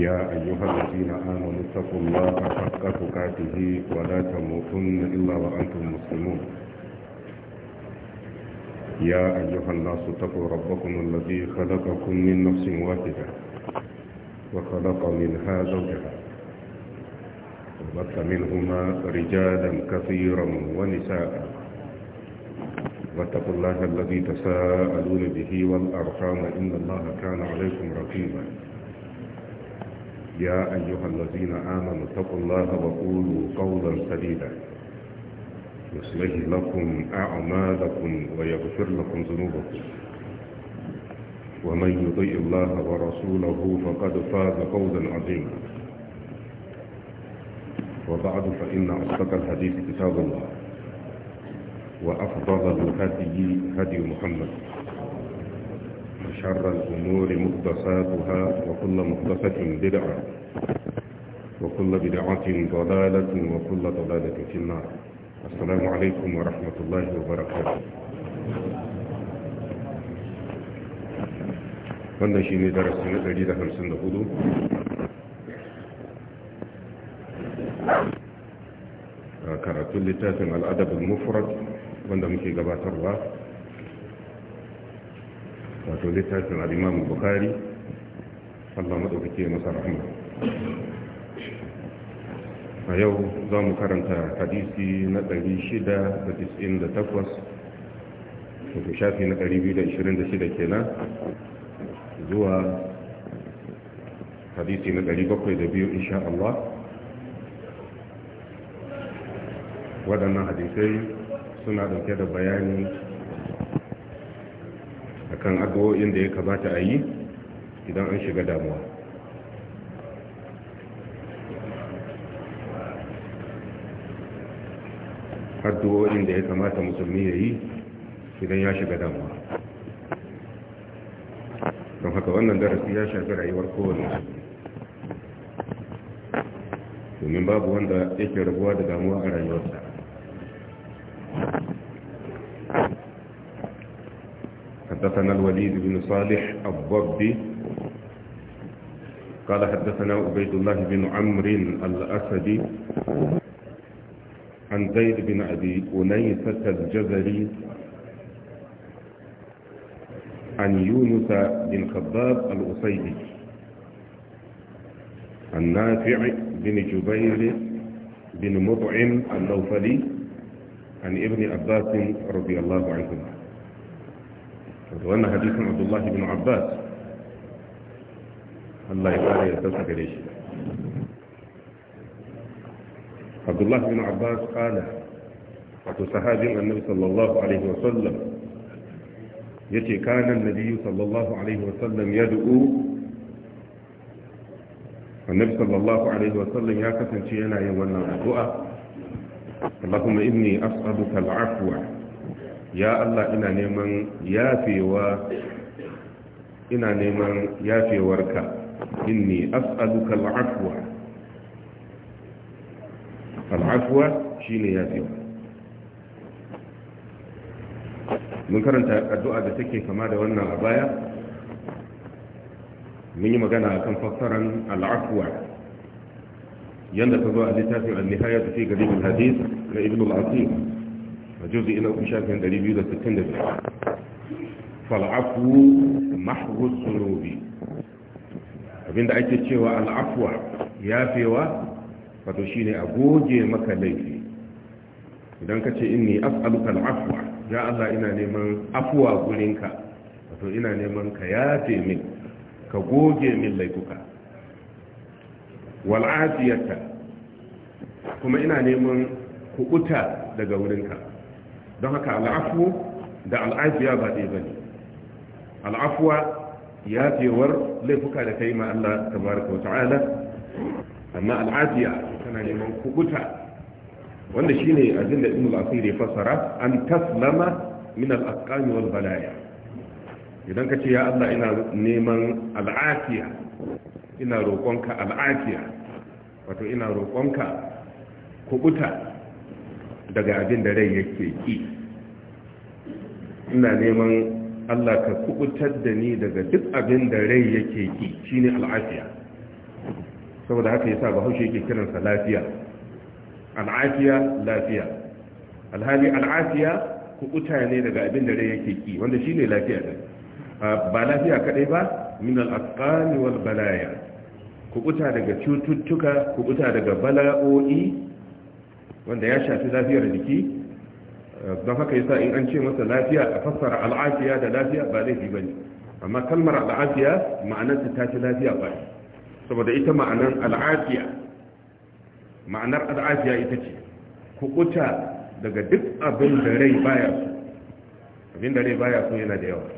يا أيها الذين آمنوا اتقوا الله حق تقاته ولا تموتن إلا وأنتم مسلمون يا أيها الناس اتقوا ربكم الذي خلقكم من نفس واحدة وخلق منها زوجها وبث منهما رجالا كثيرا ونساء واتقوا الله الذي تساءلون به والأرحام إن الله كان عليكم رقيبا يا أيها الذين آمنوا اتقوا الله وقولوا قولا سديدا يصلح لكم أعمالكم ويغفر لكم ذنوبكم ومن يطيع الله ورسوله فقد فاز فوزا عظيما وبعد فإن أصدق الحديث كتاب الله وأفضل الهدي هدي محمد شر الأمور مختصاتها وكل مختصة بدعة وكل بدعة ضلالة وكل ضلالة في النار السلام عليكم ورحمة الله وبركاته وانا شيني درس الأجيدة خمسين دخلو كرة آه، كل تاتم الأدب المفرد وانا مكي قبات الله wato littafin al'imam bukari allah maɗaukake masa rahama a yau za mu karanta hadisi na 698 wato shafi na 226 kenan zuwa hadisi na 702 insha Allah waɗannan hadisai suna ɗauke da bayani akan addu'o'in da ya kamata a yi idan an shiga damuwa addu'o'in da ya kamata musulmi ya yi idan ya shiga damuwa don haka wannan darasi ya shafi rayuwar kowane domin babu wanda yake rabuwa da damuwa a rayuwarsa حدثنا الوليد بن صالح الضبي قال حدثنا عبيد الله بن عمرو الأسدي عن زيد بن أبي أنيسة الجزري عن يونس بن خباب الأسيدي عن نافع بن جبير بن مطعم النوفلي عن ابن عباس رضي الله عنهما وأن حديث عبد الله بن عباس الله يقال يتوسك ليش عبد الله بن عباس قال وقال صحابي النبي صلى الله عليه وسلم يتي كان النبي صلى الله عليه وسلم يدعو النبي صلى الله عليه وسلم يا كثن شيئنا يوانا الدعاء اللهم إني أسألك العفو ya Allah ina neman yafewa ina neman yafewarka inni as'aluka al'afwa al'afwa shine yafewa mun karanta addu'a da take kama da wannan a baya mun yi magana akan fassaran al'afwa yanda ta zo a littafin al-nihayat fi garibin hadith na ibn al-asir juzi ina uku shafin biyu da da sittin 265 fal'afu mahwuz zunubi abinda ake cewa al'afwa yafewa wato shine a goge maka laifi idan ka ce inni as'aluka al'afwa ya Allah ina neman afwa gurinka wato ina neman ka yafe min ka goge min laifuka wal'afiyata kuma ina neman kubuta daga wurinka don haka al'afu da al'afiya ba ɗaya ne al'afuwa ya fewar laifuka da kai ma Allah tabaraka wata'ala amma al'afiya tana neman kubuta wanda shine abin da Ibn al-Asir ya fassara an taslama min al-aqami wal balaya idan ka ce ya Allah ina neman al'afiya ina roƙonka al'afiya wato ina roƙonka kubuta daga abin da rai yake ki ina neman Allah ka kubutar da ni daga duk abin da rai yake ki shine al'afiya saboda haka yasa bahaushe yake kiransa lafiya al'afiya lafiya alhali al'afiya kubuta ne daga abin da rai yake ki wanda shine lafiya din ba lafiya kadai ba min al'aqani wal balaya kubuta daga cututtuka kubuta daga bala'o'i wanda ya shafi lafiyar jiki don haka yasa in an ce masa lafiya a fassara al'afiya da lafiya ba laifi ba ne amma kalmar al'afiya ma'anarta ta ce lafiya ba saboda ita ma'anar al'afiya ma'anar al'afiya ita ce ku kuta daga duk abin da rai baya su abin da rai baya su yana da yawa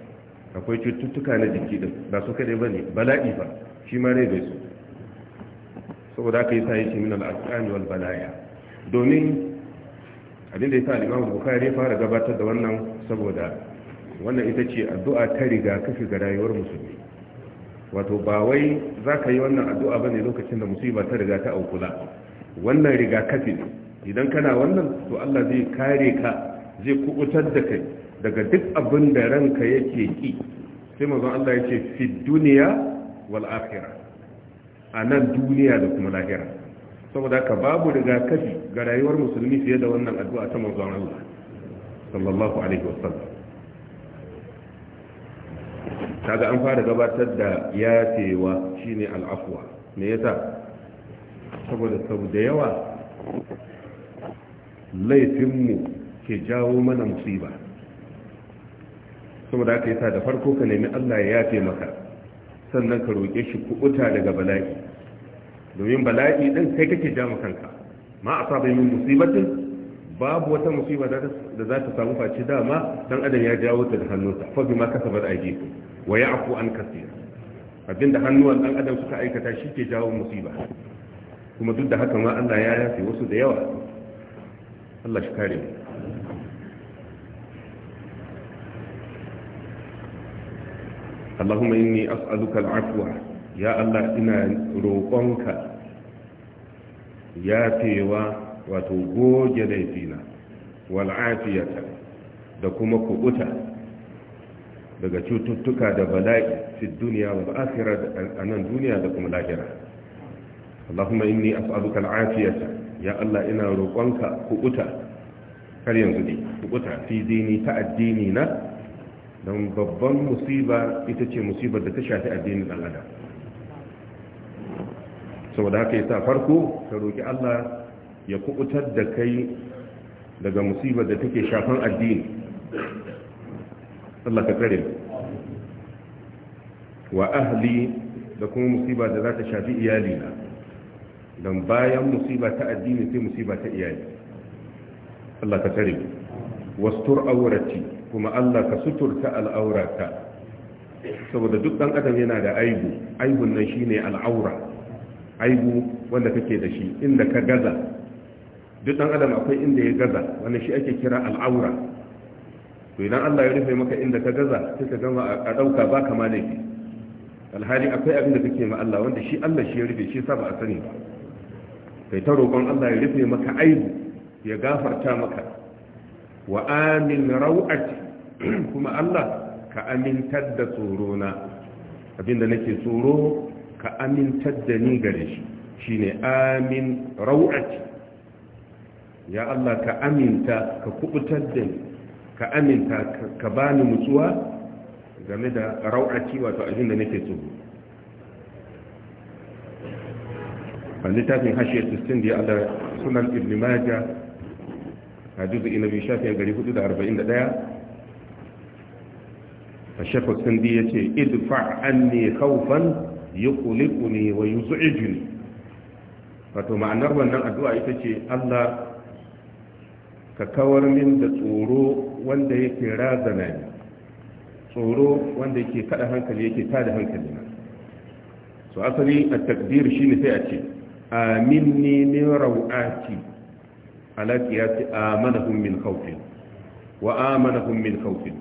akwai cututtuka na jiki da ba su kaɗai ba ne bala'i ba shi ma rai bai so saboda aka yi sa yi shi min al'asani wal balaya domin abin da ya sa limamu bukari fara gabatar da wannan saboda wannan ita ce addu'a ta riga kafi ga rayuwar musulmi wato ba wai za ka yi wannan addu'a ba ne lokacin da musiba ta riga ta aukula wannan riga kafi idan kana wannan to allah zai kare ka zai kubutar da kai daga duk abin da ranka yake ki sai mazan allah ya ce fi duniya wal’afira a nan duniya da kuma lahira saboda ka babu rigakafi ga rayuwar musulmi fiye da wannan addu'a ta manzon Allah sallallahu alaihi wasallam kaga an fara gabatar da yafewa shine al'afwa me yasa saboda sau da yawa laifinmu ke jawo mana musiba saboda aka yi sa da farko ka nemi Allah ya yafe maka sannan ka roƙe shi kubuta daga bala'i domin bala'i din kai kake ja kanka ma a asaba min musibatin babu wata musiba da za ta samu face dama dan adam ya jawo ta da hannunsa fa bima kasabat aydikum wa ya'fu an kaseer abinda hannuwan dan adam suka aikata shi ke jawo musiba kuma duk da haka ma Allah ya yafe wasu da yawa Allah shi kare mu اللهم إني أسألك العفو ya Allah ina roƙonka yafewa wato goge laifina wal'afiyata da kuma kubuta daga cututtuka da bala'i fi duniya wa akhirah a nan duniya da kuma lahira Allahumma inni as'aluka al'afiyata ya Allah ina roƙonka kubuta har yanzu ne kubuta fi dini ta addini na don babban musiba ita ce musibar da ta shafi addinin dan adam saboda haka yasa farko ka roki Allah ya kubutar da kai daga musibar da take shafan addini Allah ka tsare wa ahli da kuma musibar da za ta shafi iyali na don bayan musibar ta addini sai musibar ta iyali Allah ka tsare wastur aurati kuma Allah ka suturta al'aurata saboda duk ɗan adam yana da aibu aibun nan shine al'aura aibu wanda kake da shi inda ka gaza duk dan adam akwai inda ya gaza wanda shi ake kira al'aura to idan Allah ya rufe maka inda ka gaza sai ka gama a dauka ba kama ne alhali akwai abin da kake ma Allah wanda shi Allah shi ya rufe shi sa ba a sani ba kai ta roƙon Allah ya rufe maka aibu ya gafarta maka wa amin rau'ati kuma Allah ka amintar da tsorona abinda nake tsoro ka amintar da ni gare shi shi ne amin rau'ati ya Allah ka aminta ka kubutar da ni ka aminta ka bani mutuwa game da rau'ati wato abin da nake tsoro a littafin hashe 16 da ya Allah sunan ibn majah a juzu'i na biyu shafi 441 الشيخ السندي يتي ادفع عني خوفا yuqliquni wa yuz'ijuni wato ma'anar wannan addu'a ita ce Allah ka kawar min da tsoro wanda yake razana ni tsoro wanda yake kada hankali yake tada hankali na so asali a takdir shine sai a ce aminni min rawati ala qiyasi amanahum min khawfin wa amanahum min khawfin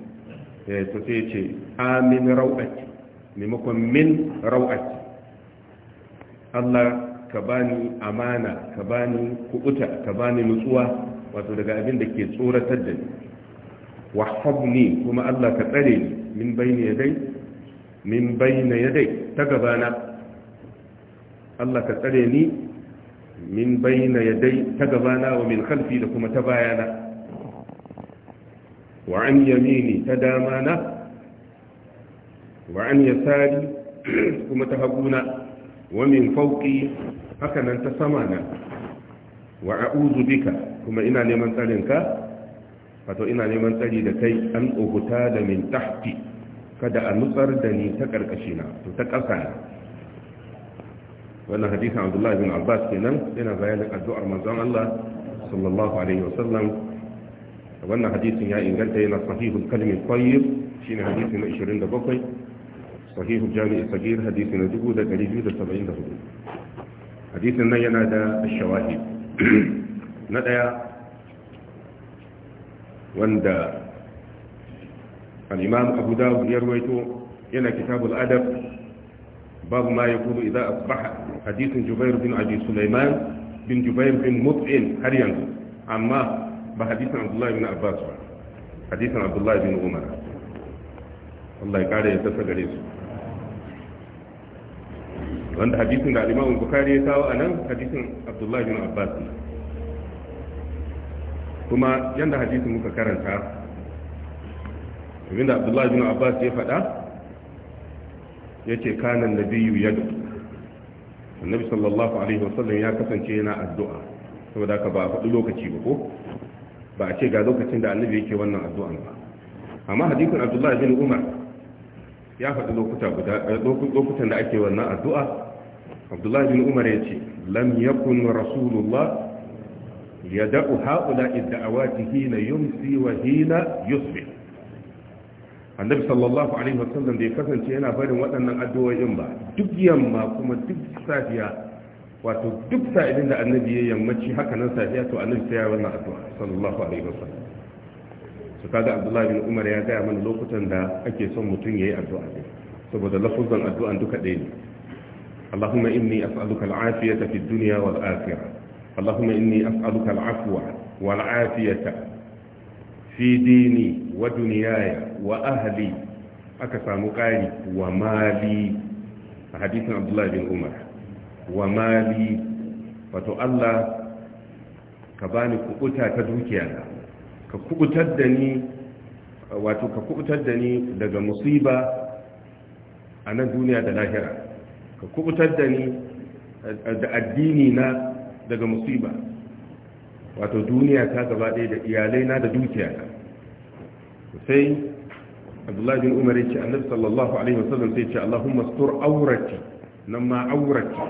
eh, to sai ce amin rawati maimakon min raw'at, Allah ka bani amana ka bani kubuta ka bani nutsuwa wato daga abin da ke tsoratar da ni wahfabni kuma Allah ka tsare ni min bayna yadai min bayna yadai ta gabana Allah ka tsare ni min bayna yadai ta gabana wa min khalfi da kuma ta bayana wa an yamini ta damana wa an yasari kuma ta haguna wa min fauki haka nan ta sama na wa bika kuma ina neman tsarinka wato ina neman tsari da kai an tsohuta da min tahti kada a nutsar da ni ta karkashi na to ta kasa na wannan hadisin abdullahi bin abbas kenan yana bayanin addu'ar manzon Allah sallallahu alaihi wasallam wannan hadisin ya inganta yana sahihul kalmi tayyib shine hadisin 27 صحيح الجامع الصغير حديث نجبو ده قريب ده سبعين ده حديث نينا ده الشواهد ندايا وندا الإمام أبو داود يرويته هنا كتاب الأدب باب ما يقول إذا أصبح حديث جبير بن أبي سليمان بن جبير بن مطعم هريان أما بحديث عبد الله بن عباس حديث عبد الله بن عمر الله يقال يتسجل يسوع wanda hadisin da alimamun bukari ya kawo a nan hadisin abdullahi bin abbas kuma yadda hadisin muka karanta abinda abdullahi bin abbas ya faɗa ya ce kanan da biyu yadda annabi sallallahu alaihi wasallam ya kasance yana addu'a saboda ka ba a faɗi lokaci ba ko ba a ce ga lokacin da annabi yake wannan addu'an ba amma hadisin abdullahi bin umar ya faɗi lokuta guda eh, lokutan da ake wannan addu'a abdullahi bin umar ya ce lam yakun rasulullah ya da'u haula idda'awati hina yumsi wa hina yusbih annabi sallallahu alaihi wasallam da ya kasance yana barin waɗannan addu'o'in ba duk yamma kuma duk safiya wato duk sa'ilin da annabi ya yammaci haka nan safiya to annabi sai ya wannan addu'a sallallahu alaihi wasallam su kaga abdullahi bin umar ya gaya mana lokutan da ake son mutum ya yi addu'a ne saboda lafuzan addu'an duka ɗaya ne allahumma inni as'aluka al'afiyata fi dunya wal akhirah allahumma inni as'aluka al'afwa wal afiyata fi dini wa dunyaya wa ahli aka samu ƙari wa a hadisin abdullahi bin umar wa wato allah ka bani kukuta ta dukiya ka kubutar da ni wato ka kubutar da ni daga musiba a nan duniya da lahira ka kubutar da ni da addini na daga musiba wato duniya ta gaba ɗaya da iyalai na da dukiya ta sai abdullahi bin umar ya ce annabi sallallahu alaihi wasallam sai ce allahumma stur aurati nan ma aurati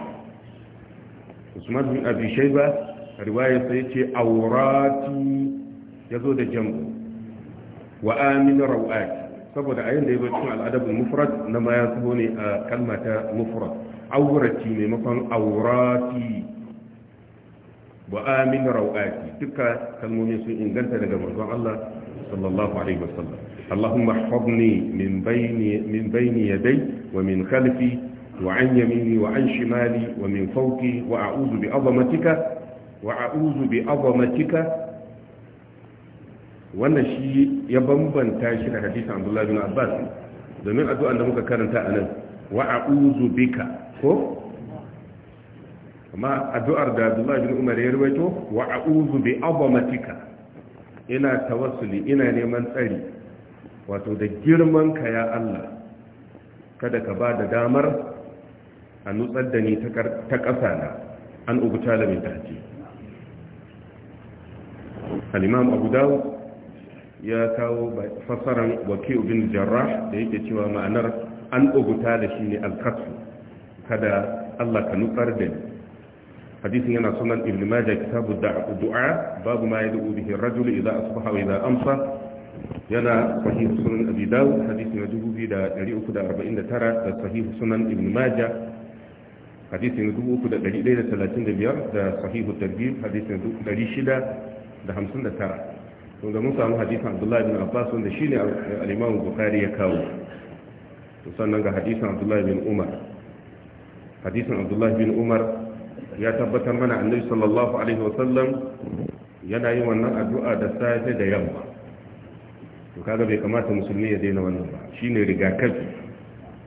usman bin abi shayba riwaya sai ce aurati ya zo da jambu wa amin rawat saboda ayin da ya zo cikin mufrat na ma ya taho ne a kalma ta mufrad aurati maimakon aurati wa amin rawati duka kalmomi sun inganta daga manzon Allah sallallahu alaihi wasallam اللهم احفظني من بين من بين يدي ومن خلفي وعن يميني وعن شمالي ومن فوقي واعوذ بعظمتك واعوذ بعظمتك wannan shi ya bambanta shi da hadisin Abdullah bin abbas domin addu'an da muka karanta a nan wa a'udhu bika ko amma addu'ar da Abdullah bin umar ya rubuto wa a'udhu bi azamatika ina tawassuli ina neman tsari wato da girman ka ya Allah kada ka ba da damar a nutsar da ni ta ƙasa na an ubuta da ta ce. al-imam abu dawud ya kawo fassaran wakil bin jarrah da yake cewa ma'anar an uguta da shi ne alkatsu kada Allah ka nukar da ni hadisin yana sunan ibn majah kitabu da du'a babu ma yadu bihi ar-rajul idza asbaha wa idza amsa yana sahih sunan abi dawud hadisi na 2349 da sahih sunan ibn majah hadisi na 3135 da sahih at-targhib hadisi na 659 wanda mun samu hadisin abdullahi bin abbas wanda shine al-imam bukhari ya kawo to sannan ga hadisin abdullahi bin umar hadisin abdullahi bin umar ya tabbatar mana annabi sallallahu alaihi wasallam yana yin wannan addu'a da safe da yamma to kaga bai kamata musulmi ya daina wannan ba shine rigakafi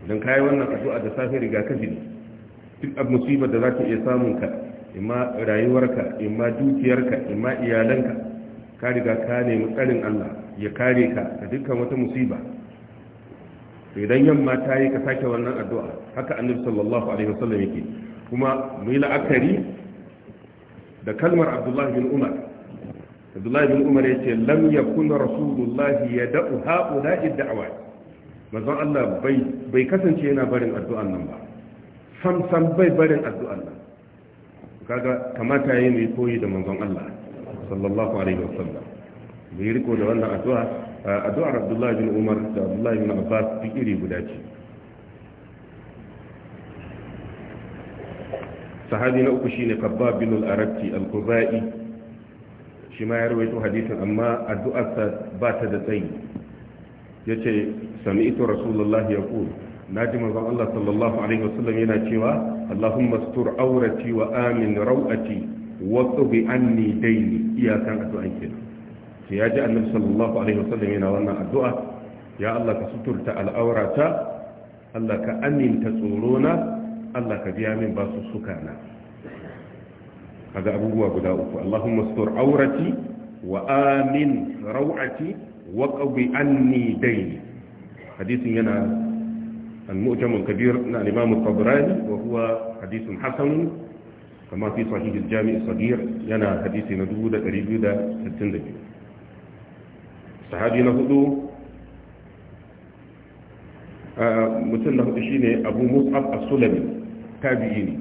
idan kai wannan addu'a da safe rigakafi ne duk ab musiba da zaka iya samun ka imma rayuwarka imma dukiyarka imma iyalanka ka riga ka nemi tsarin Allah ya kare ka da dukkan wata musiba idan yamma ta yi ka sake wannan addu'a haka annabi sallallahu alaihi wasallam yake kuma mu yi la'akari da kalmar abdullahi bin umar abdullahi bin umar ya ce lam ya kuna rasulullahi ya da'u haƙuda idda'awa mazan allah bai kasance yana barin addu'an nan ba sam sam bai barin addu'an nan kaga kamata ya yi mai koyi da manzon allah sallallahu alaihi wasallam bai riko da wannan addu'a addu'ar Abdullahi bin Umar da Abdullahi bin Abbas duk iri guda ce sahabi na uku shine Kabbab bin al-Arabti al-Khuzai shi ma ya rawaito hadisin amma addu'arsa ba ta da tsayi yace sami'tu rasulullahi yaqul naji manzon Allah sallallahu alaihi wa sallam yana cewa Allahumma stur awrati wa amin rawati wasu bi an ni daini iyakan addu'an ke sai ya ji annabi sallallahu alaihi wasallam yana wannan addu'a ya Allah ka suturta al'aurata Allah ka aminta tsorona Allah ka biya min basu na kaga abubuwa guda uku Allahumma sutur aurati wa amin rawati wa qawbi anni dayni hadisin yana al-mu'jam al-kabir na al-imam al-tabrani wa huwa hadithun hasan kama fi sahihul jami' sagir yana hadisi na 2262 sahabi na hudu mutum na hudu shine abu mus'ab as-sulami tabi'i ne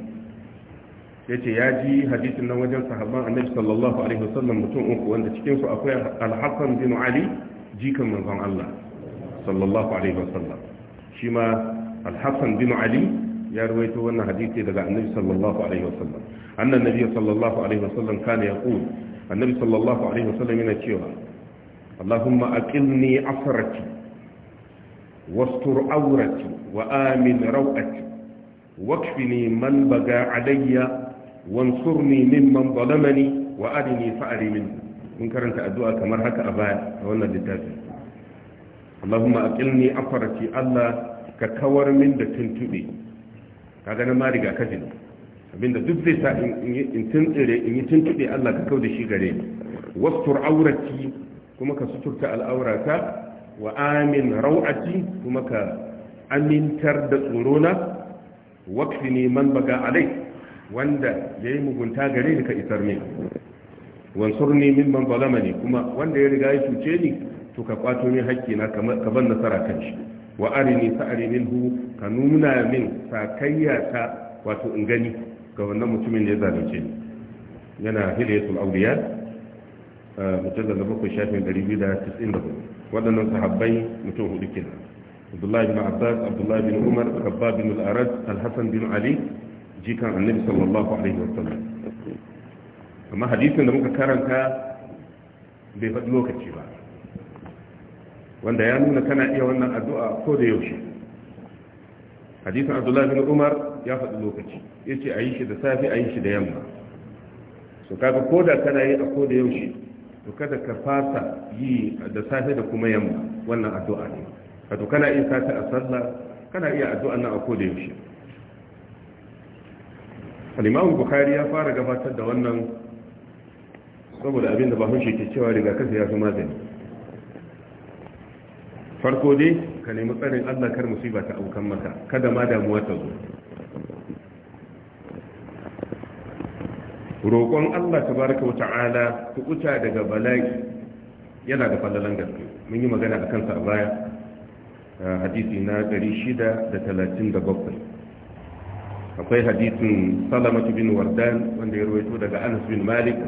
yace ya ji hadisin nan wajen sahabban annabi sallallahu alaihi wasallam mutum uku wanda cikin su akwai al-hasan bin ali jikan manzon Allah sallallahu alaihi wasallam shi ma al-hasan bin ali ya rawaito wannan hadisi daga annabi sallallahu alaihi wasallam annan nabi sallallahu alaihi wasallam kana yaqul annabi sallallahu alaihi wasallam yana cewa allahumma aqilni asrati wastur awrati wa amin rawati wakfini man baga alayya wansurni mimman zalamani wa adini fa'ri minhu mun karanta addu'a kamar haka a baya a wannan littafi Allahumma aqilni afarati Allah ka kawar min da tuntube kaga nan ma riga kaji ne abinda duk zai sa in tuntsire in yi tuntsire Allah ka kau da shi gare ni wastur aurati kuma ka suturta al'aurata wa amin rau'ati kuma ka amintar da tsorona wakfi ne man baga alai wanda ya yi mugunta gare ni ka isar ne wansur ne min man zalama ne kuma wanda ya riga ya cuce ni to ka kwato min hakki na ka ban nasara kan shi wa arini fa minhu ka nuna min sakayya ta wato in gani ga wannan mutumin da ya zalunce ni yana hilayatul awliya mujallal na bakwai shafin ɗari biyu da tis'in da hudu waɗannan sahabbai mutum hudu kenan abdullahi bin abbas abdullahi bin umar rabba bin al-arad bin ali jikan annabi sallallahu alaihi wa sallam amma hadisin da muka karanta bai faɗi lokaci ba wanda ya nuna kana iya wannan addu'a ko da yaushe hadisin abdullahi bin umar ya faɗi lokaci ya ce a yi shi da safe a yi shi da yamma su kaga ko da kana yi a ko da yaushe to kada ka fasa yi da safe da kuma yamma wannan addu'a ne kato kana iya sata a sallah kana iya addu'a nan a ko da yaushe al-imam bukhari ya fara gabatar da wannan saboda abin da ba hunshi ke cewa rigakafi ya fi magani farko dai ka nemi tsarin Allah kar musiba ta aukan maka kada ma damuwa ta zo roƙon Allah tabaraka ta kuta daga bala'i yana da fallalan gaske mun yi magana a kansa a baya hadisi na 637 akwai hadisin salamatu bin wardan wanda ya rawaito daga anas bin malik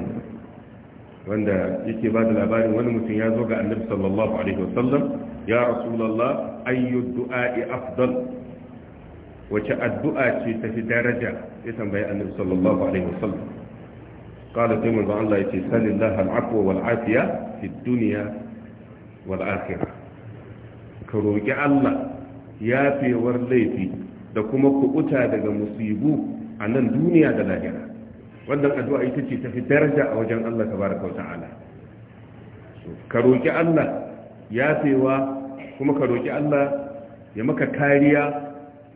wanda yake ba da labarin wani mutum ya zo ga annabi sallallahu alaihi wasallam ya rasulullah ayyu du'a'i afdal wace addu'a ce ta fi daraja ya tambayi annabi sallallahu alaihi wasallam qala sai manzo Allah yace sallallahu al-afwa wal afiya fi dunya wal akhirah ka roki Allah yafewar laifi da kuma kuɓuta daga musibu a nan duniya da lahira wannan addu'a ita ce tafi daraja a wajen Allah tabaraka wa ta'ala ka roƙi Allah yafewa kuma ka roƙi Allah ya maka kariya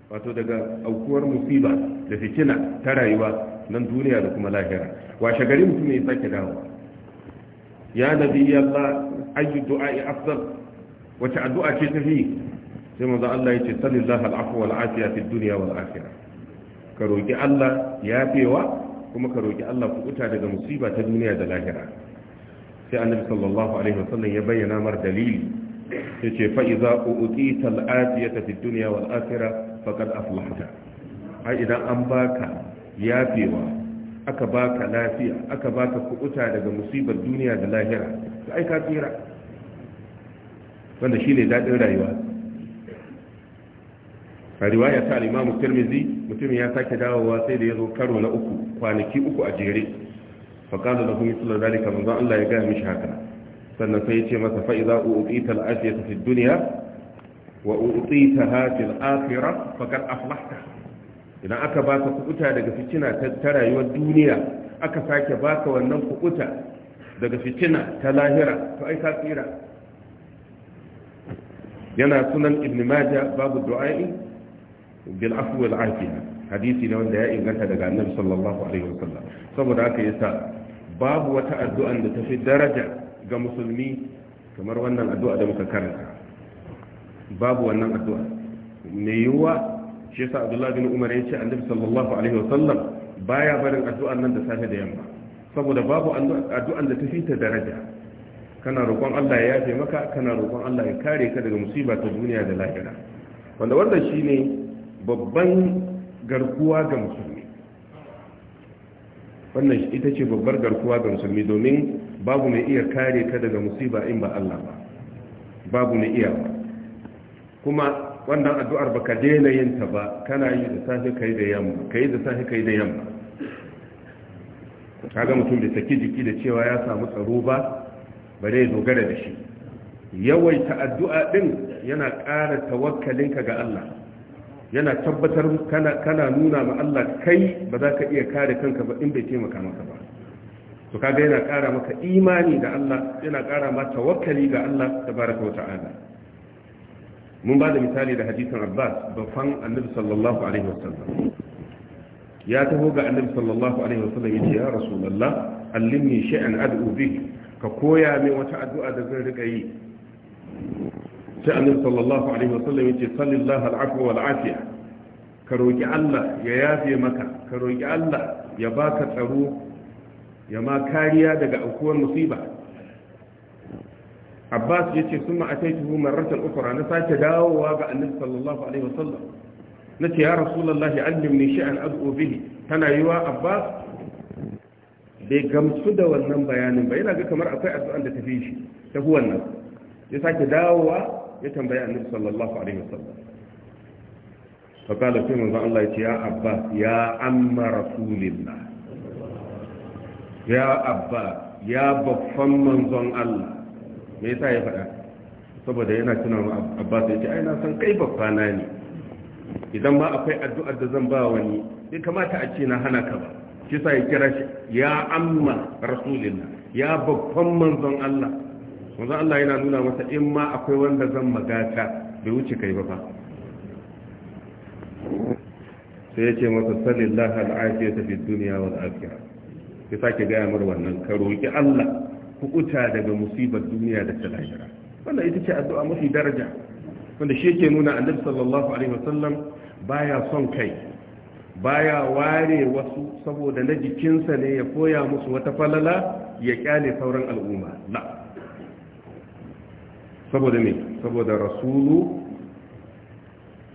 wato daga aukuwar musiba da fitina ta rayuwa nan duniya da kuma lahira washe gari mutum ya sake dawowa ya nabi Allah ayyu du'a'i Afzal? wace addu'a ce ta tafi sai manzo Allah ya ce sallallahu alaihi wa afiya fi dunya wal akhirah ka roki Allah yafewa kuma ka roki Allah kuɓuta daga musiba ta duniya da lahira sai annabi sallallahu alaihi wasallam ya bayyana mar dalili yace fa iza uutita al-afiyata fid dunya wal akhirah faqad aflahta ai idan an baka yafewa aka baka lafiya aka baka kuɓuta daga musibar duniya da lahira sai ka tsira wanda shine dadin rayuwa a riwaya ta alimamu imam Tirmidhi mutum ya sake dawowa sai da ya zo karo na uku kwanaki uku a jere fa qala lahu mithla zalika manzo Allah ya gaya mishi haka sannan sai ya ce masa fa'iza idza u'tita al-afiyata fi dunya wa u'titaha fi al-akhirah faqad aflahta idan aka baka kukuta daga fitina ta rayuwar duniya aka sake baka wannan kukuta daga fitina ta lahira to ai ka tsira yana sunan ibn majah babu du'a'i bil afwi wal afiya hadisi ne wanda ya inganta daga annabi sallallahu alaihi wasallam saboda haka sa babu wata addu'an da ta fi daraja ga musulmi kamar wannan addu'a da muka karanta babu wannan addu'a mai yiwuwa shi yasa abdullahi bin umar ya ce annabi sallallahu alaihi wasallam baya barin addu'an nan da safe da yamma saboda babu addu'an da ta fi ta daraja kana roƙon Allah ya yafe maka kana roƙon Allah ya kare ka daga musiba ta duniya da lahira wanda wannan shine babban garkuwa ga musulmi wannan ita ce babbar garkuwa ga musulmi domin babu mai iya kare ka daga musiba in ba Allah ba babu mai iya ba kuma wannan addu'ar baka daina yin ta ba kana yi da safe kai da yamma kai da safe kai da yamma kaga mutum da saki jiki da cewa ya samu tsaro ba bare dogara da shi yawaita addu'a din yana ƙara tawakkalinka ga Allah yana tabbatar kana nuna ma Allah kai ba za ka iya kare kanka ba in bai taimaka maka ba to kaga yana kara maka imani da Allah yana kara ma tawakkali ga Allah tabaraka wa ta'ala mun ba da misali da hadisin Abbas bafan Annabi sallallahu alaihi wasallam ya taho ga Annabi sallallahu alaihi wasallam yace ya Rasulullah allimni shay'an ad'u bihi ka koya min wata addu'a da zan rika yi sai annabi sallallahu alaihi wasallam yace sallallahu al'afu wa afiya ka roki Allah ya yafe maka ka roki Allah ya baka tsaro ya ma kariya daga aukuwar musiba Abbas ya ce sun kuma ataituhu marratan ukhra na sake dawowa ga annabi sallallahu alaihi wasallam ce ya rasulullahi allimni sha'an ad'u bihi tana yiwa Abbas bai gamsu da wannan bayanin ba yana ga kamar akwai addu'an da ta tafi shi tafi wannan ya sake dawowa ya tambaya annabi sallallahu alaihi wasallam fa kala sai manzo Allah ya ce ya abba ya amma rasulillah ya Abba ya babban manzon Allah me yasa ya faɗa saboda yana tuna Abba abbas yace ce ai na san kai babba na ne idan ma akwai addu'ar da zan ba wani bai kamata a ce na hana ka ba shi sa ya kira shi ya amma rasulillah ya babban manzon Allah wanzu Allah yana nuna masa in ma akwai wanda zan magata bai wuce kai ba fa sai ya ce masa sallallahu alaihi wa fi duniya wal akhirah sai sake ga yamar wannan ka roki Allah kukuta daga musibar duniya da ta lahira wannan ita ce addu'a mafi daraja wanda shi yake nuna annabi sallallahu alaihi wasallam baya son kai baya ware wasu saboda na jikinsa ne ya koya musu wata falala ya kyale sauran al'umma la saboda ne saboda rasulu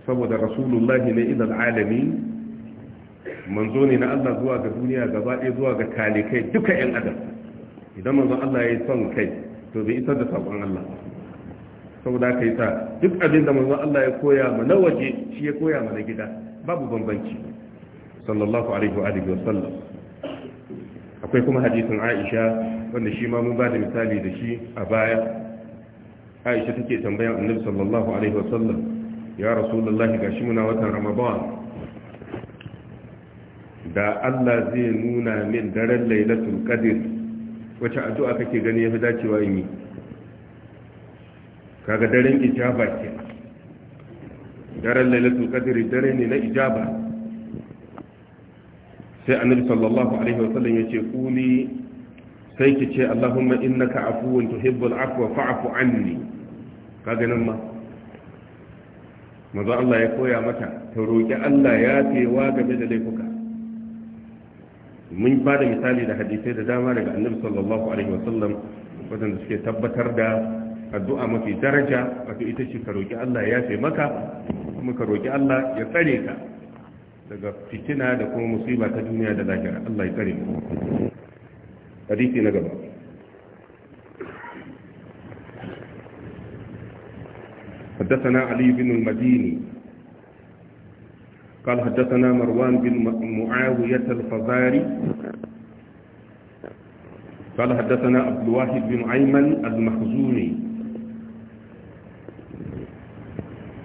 saboda rasulullahi ne ilal alami manzo ne na Allah zuwa ga duniya gaba ɗaya zuwa ga talikai duka ƴan adam idan manzo Allah ya yi son kai to bai isar da sakon Allah saboda yi sa duk abin da manzo Allah ya koya ma na waje shi ya koya ma na gida babu bambanci sallallahu alaihi wa alihi wa sallam akwai kuma hadisin Aisha wanda shi ma mun ba da misali da shi a baya aisha take tambayan annabi sallallahu alaihi wasallam ya rasulullahi gashi muna watan ramadan da Allah zai nuna min daren lailatul qadr wace addu'a kake gani yafi dacewa in yi kaga daren ijaba ke daren lailatul qadr dare ne na ijaba sai annabi sallallahu alaihi wasallam ya ce kuli sai ki ce Allahumma innaka afuwun tuhibbul afwa fa'fu anni ka ganin ma maza Allah ya koya mata ta roki Allah ya tewa game da laifuka mun ba da misali da hadisai da dama daga annabi sallallahu alaihi wasallam wadanda suke tabbatar da addu'a mafi daraja wato ita ce ka roƙi Allah ya ce maka kuma ka roƙi Allah ya tsare ka daga fitina da kuma musiba ta duniya da lahira Allah ya tsare mu حديثي na حدثنا علي بن المديني قال حدثنا مروان بن معاوية الفزاري قال حدثنا عبد الواحد بن أيمن المخزومي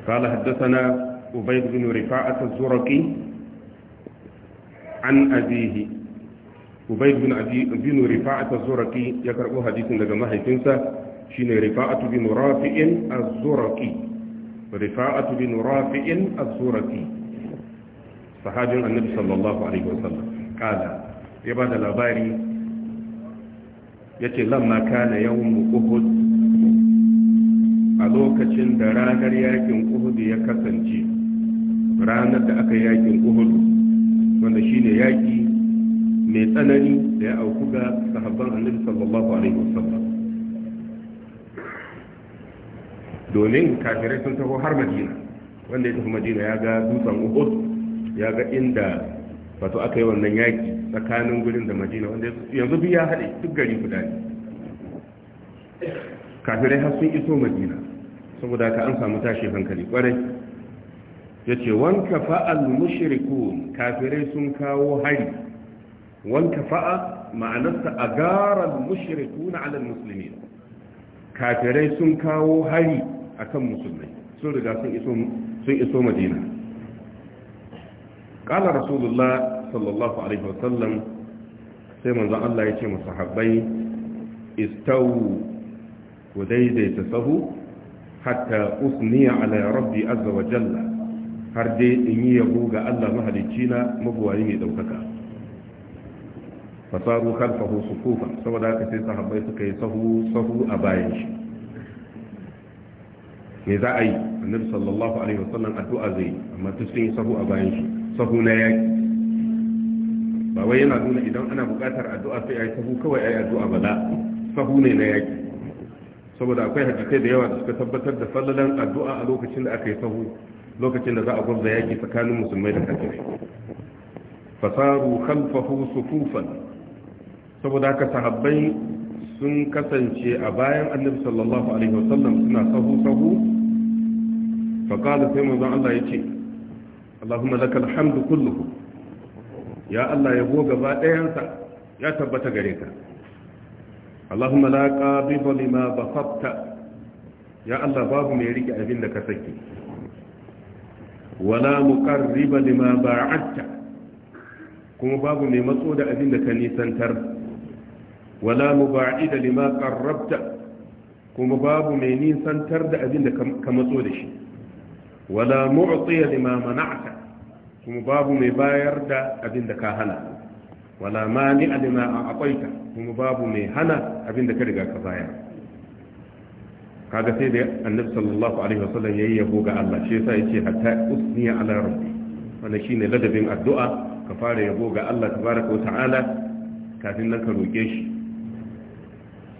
قال حدثنا أبيض بن رفاعة الزرقي عن أبيه ubayd bin abi rifa'at az ya karbo hadisin daga mahaifinsa shine rifa'at bin rafi'in az-zurqi rifa'at bin rafi'in az-zurqi sahabin annabi sallallahu alaihi wasallam kala ya bada labari yace lamma kana yawm uhud a lokacin da ranar yakin uhud ya kasance ranar da aka yakin uhud wanda shine yaki mai tsanani da ya auku ga sahabban annabi sallallahu alaihi wasallam domin kafirai sun taho har madina wanda ya tafi madina ya ga dutsen uhud ya ga inda wato aka yi wannan yaki tsakanin gurin da madina wanda yanzu bi ya haɗe duk gari guda ne kafirai har sun iso madina saboda ka an samu tashi hankali kwarai ya ce wanka fa'al mushriku kafirai sun kawo hari wanka fa'a ma'anarsa a garar mushirikuna alal musulmi kafirai sun kawo hari akan musulmai sun riga sun iso madina ƙala rasulullah sallallahu alaihi wasallam sai manzan Allah ya ce masahabbai istawu ku daidaita sahu hatta usniya ala rabbi azza wa jalla har dai in yi yabo ga Allah mahalicci na mabuwayi mai daukaka fasaru khalfahu sufufa saboda haka sai sahabbai suka yi sahu sahu a bayan shi me za a yi annabi sallallahu alaihi wasallam addu'a zai yi. amma duk sun yi sahu a bayan shi sahu na yaki ba wai yana nuna idan ana buƙatar addu'a sai ayi sahu kawai ayi addu'a ba za sahu ne na yaki saboda akwai hadisai da yawa da suka tabbatar da fallalan addu'a a lokacin da aka yi sahu lokacin da za a gwabza yaki tsakanin musulmai da kafirai fasaru khalfahu sufufan saboda haka sahabbai sun kasance a bayan annabi sallallahu alaihi wasallam suna sahu sahu fa qala sai manzon Allah yace Allahumma lakal hamdu kulluhu ya Allah ya goga ba dayansa ya tabbata gare ka Allahumma la qabida lima basatta ya Allah babu mai rike abin da ka saki wala muqarriba lima ba'atta kuma babu mai matso da abin da ka nisantar wala muba'ida lima qarrabta kuma babu mai nisantar da abin da ka matso da shi wala mu'tiya lima mana'ta kuma babu mai bayar da abin da ka hana wala mani'a lima a'taita kuma babu mai hana abin da ka riga ka bayar kaga sai da annabi sallallahu alaihi wasallam yayi yabo ga Allah shi yasa yace hatta usni ala rabbi wanda shine ladabin addu'a ka fara yabo ga Allah tabaaraka ta'ala kafin nan ka roke shi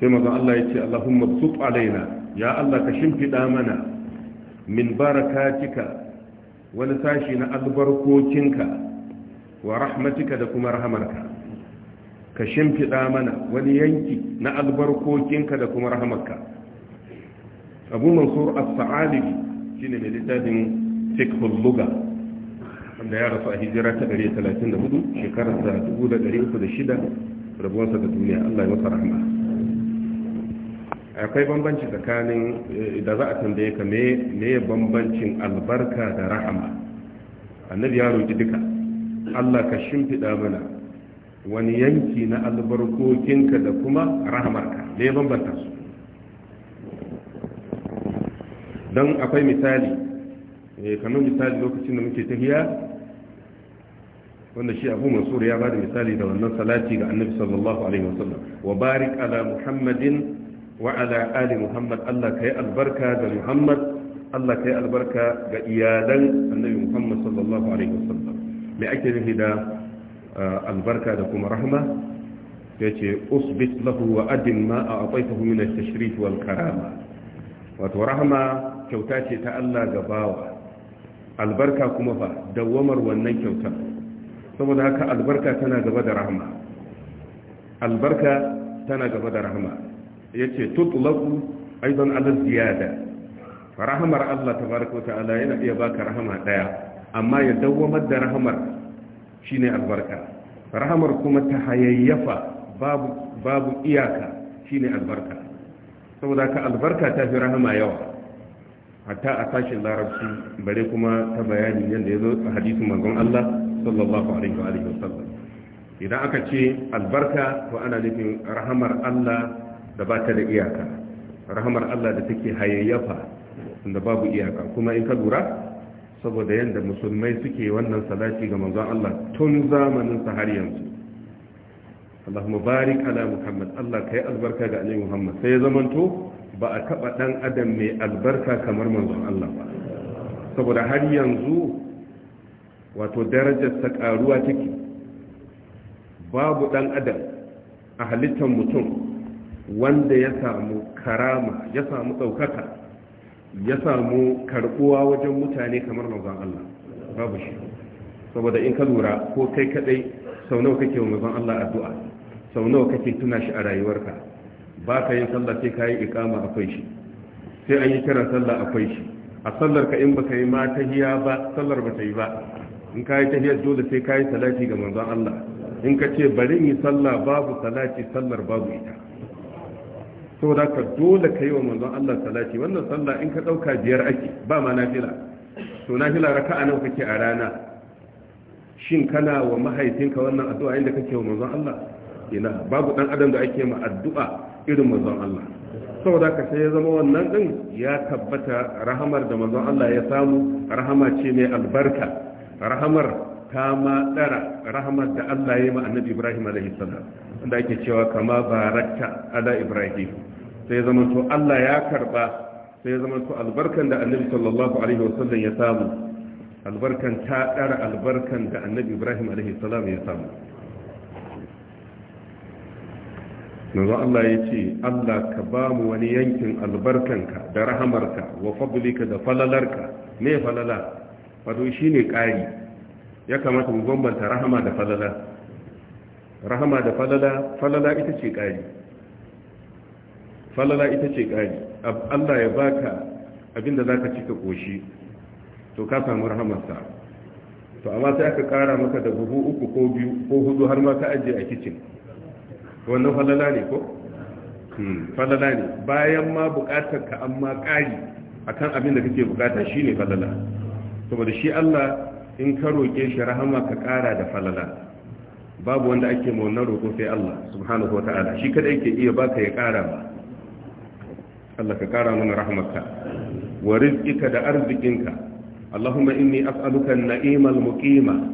sai mazan Allah ya ce Allahumma tsuf alaina ya Allah ka shimfiɗa mana min barakatika wani sashi na albarkokinka wa rahmatika da kuma rahamarka ka shimfiɗa mana wani yanki na albarkokinka da kuma rahamarka abu mansur as-sa'alibi shine mai littafin lugha wanda ya rasu a hijira ta 134 shekarar da 1306 rabuwarsa da duniya Allah ya masa rahama akwai bambanci tsakanin eh, da za a tambaye ka me bambancin albarka da rahama annabi ya roki duka Allah ka shimfiɗa mana wani yanki na albarkokinka da kuma rahamarka me ya bambanta su don akwai misali eh, kamar misali lokacin da muke tafiya wanda shi abu mansur ya bada misali da wannan salati ga annabi sallallahu alaihi wasallam wa barik ala muhammadin وعلى آل محمد الله كي البركة دا محمد الله كي البركة دا إيالا النبي محمد صلى الله عليه وسلم لأكل هدا البركة لكم رحمة يأتي أصبت له وأدم ما أعطيته من التشريف والكرامة وترحمة كوتاتي تألا قباوة البركة كما فا دوامر ونن كوتا ثم ذاك البركة تنا قبدا رحمة البركة تنا قبدا رحمة yace tutlaqu aidan ala ziyada rahamar Allah tabaaraka wa ta'ala yana iya baka rahama daya amma ya dawwamar da rahamar shine albarka rahamar kuma ta hayayyafa babu babu iyaka shine albarka saboda ka albarka ta fi rahama yawa hatta a sashin larabci bare kuma ta bayani yadda ya zo a hadisin manzon Allah sallallahu alaihi wa alihi idan aka ce albarka to ana nufin rahamar Allah da ba ta da iyaka rahamar Allah da take hayayyafa da babu iyaka kuma in ka lura saboda yadda musulmai suke wannan salati ga manzon Allah tun zamanin sa har yanzu Allahumma barik ala Muhammad Allah kai albarka ga annabi Muhammad sai ya zamanto ba a taba dan adam mai albarka kamar manzon Allah ba saboda har yanzu wato darajar ta karuwa take babu dan adam a halittar mutum wanda ya samu karama ya samu ɗaukaka ya samu karɓuwa wajen mutane kamar mazan Allah babu shi saboda in ka lura ko kai kaɗai sau nawa kake wa mazan Allah addu'a sau nawa kake tuna shi a rayuwarka ba ka yin sallah sai ka yi ikama akwai shi sai an yi kiran sallah akwai shi a sallar ka in baka yi ma tahiya ba sallar ba ta yi ba in ka yi tahiyar dole sai ka yi salati ga manzon Allah in ka ce bari in yi sallah babu salati sallar babu ita saboda ka dole ka yi wa manzon Allah salati wannan sallah in ka ɗauka biyar ake ba ma nafila to nafila raka'a nawa kake a rana shin kana wa mahaifinka wannan addu'a inda kake wa manzon Allah ina babu dan adam da ake ma addu'a irin manzon Allah saboda ka sai ya zama wannan din ya tabbata rahamar da manzon Allah ya samu rahama ce mai albarka rahamar kama dara rahmat da Allah ya yi ma annabi Ibrahim alaihi salam wanda ake cewa kama barakta ala Ibrahim sai zama to Allah ya karba sai zama to albarkan da annabi sallallahu alaihi wasallam ya samu albarkan ta dara albarkan da annabi Ibrahim alaihi salam ya samu yanzu Allah ya ce Allah ka ba mu wani yankin albarkanka da rahamarka wa fadlika da falalarka me falala wato shine ƙari ya kamata mu bambanta rahama da falala rahama da falala falala ita ce ƙari falala ita ce ƙari Allah ya baka da za ka ci ka ƙoshi to ka samu rahamarsa to amma sai aka ƙara maka da buhu uku ko biyu ko hudu har ma ka ajiye a kicin wannan falala ne ko? Hmm, falala ne bayan ma buƙatar ka amma ƙari akan abin da kake buƙata shine falala saboda shi Allah in ka roƙe shi rahama ka ƙara da falala babu wanda ake na roƙo sai Allah subhanahu wa ta'ala shi kada yake iya baka ya ƙara ba Allah ka ƙara mana rahamarka wa rizqika da arzikinka Allahumma inni as'aluka an al muqima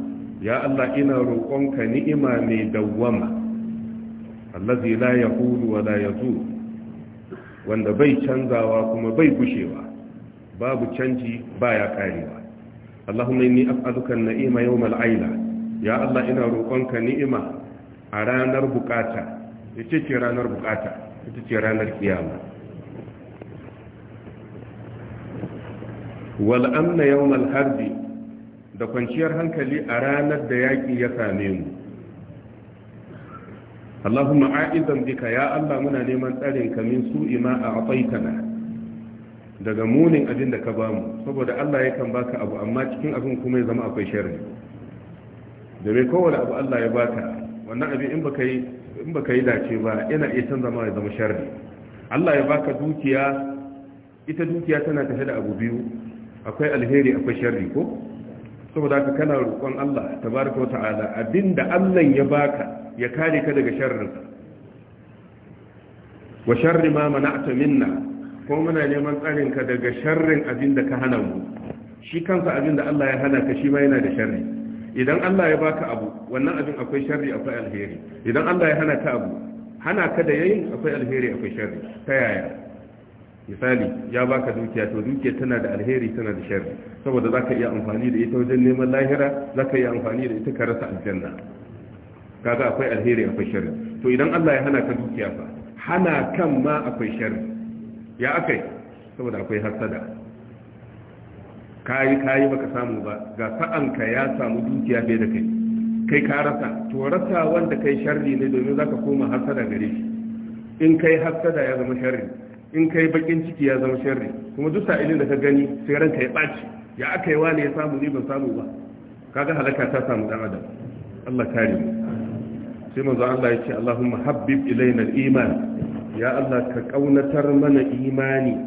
ya Allah ina roƙonka ni'ima mai dawwama allazi la yaqulu wa la yazu wanda bai canzawa kuma bai gushewa babu canji baya karewa Allahumma inni as'aluka an-na'ima yawmal aila ya Allah ina roƙonka ni'ima a ranar bukata yace ce ranar bukata ita ce ranar da kwanciyar hankali a ranar da yaki ya same mu Allahumma a'izan bika ya Allah muna neman tsarin ka min su'i ma a'taitana daga munin abin da ka bamu saboda Allah ya kan baka abu amma cikin abin kuma ya zama akwai sharri da mai kowane abu Allah ya baka wannan abin in baka yi in baka yi dace ba yana iya san zama ya zama sharri Allah ya baka dukiya ita dukiya tana tafe da abu biyu akwai alheri akwai sharri ko saboda haka kana roƙon Allah tabaraka wata'ala da Allah ya baka ya kare ka daga sharrin wa sharri ma mana'ta minna Ko muna neman tsarin ka daga sharrin abin da ka hana mu shi kansa abin da Allah ya hana ka shi ma yana da sharri idan Allah ya baka abu wannan abin akwai sharri akwai alheri idan Allah ya hana ka abu hana ka da yayin akwai alheri akwai sharri ta yaya misali ya baka dukiya to dukiya tana da alheri tana da sharri saboda zaka iya amfani da ita wajen neman lahira zaka iya amfani da ita ka rasa aljanna kaga akwai alheri akwai sharri to idan Allah ya hana ka dukiya fa hana kan ma akwai sharri ya aka yi saboda akwai hasada kayi kayi baka samu ba ga sa'anka ya samu dukiya bai da kai kai ka rasa to rasa wanda kai sharri ne domin zaka koma hasada gare shi in kai hasada ya zama sharri in kai bakin ciki ya zama sharri kuma duk sa'ilin da ka gani sai ranka ya baci ya yi wani ya samu ni ban samu ba kaga halaka ta samu dan adam Allah kare mu sai manzo Allah ya ce Allahumma habbib ilaina al-iman ya Allah ka ƙaunatar mana imani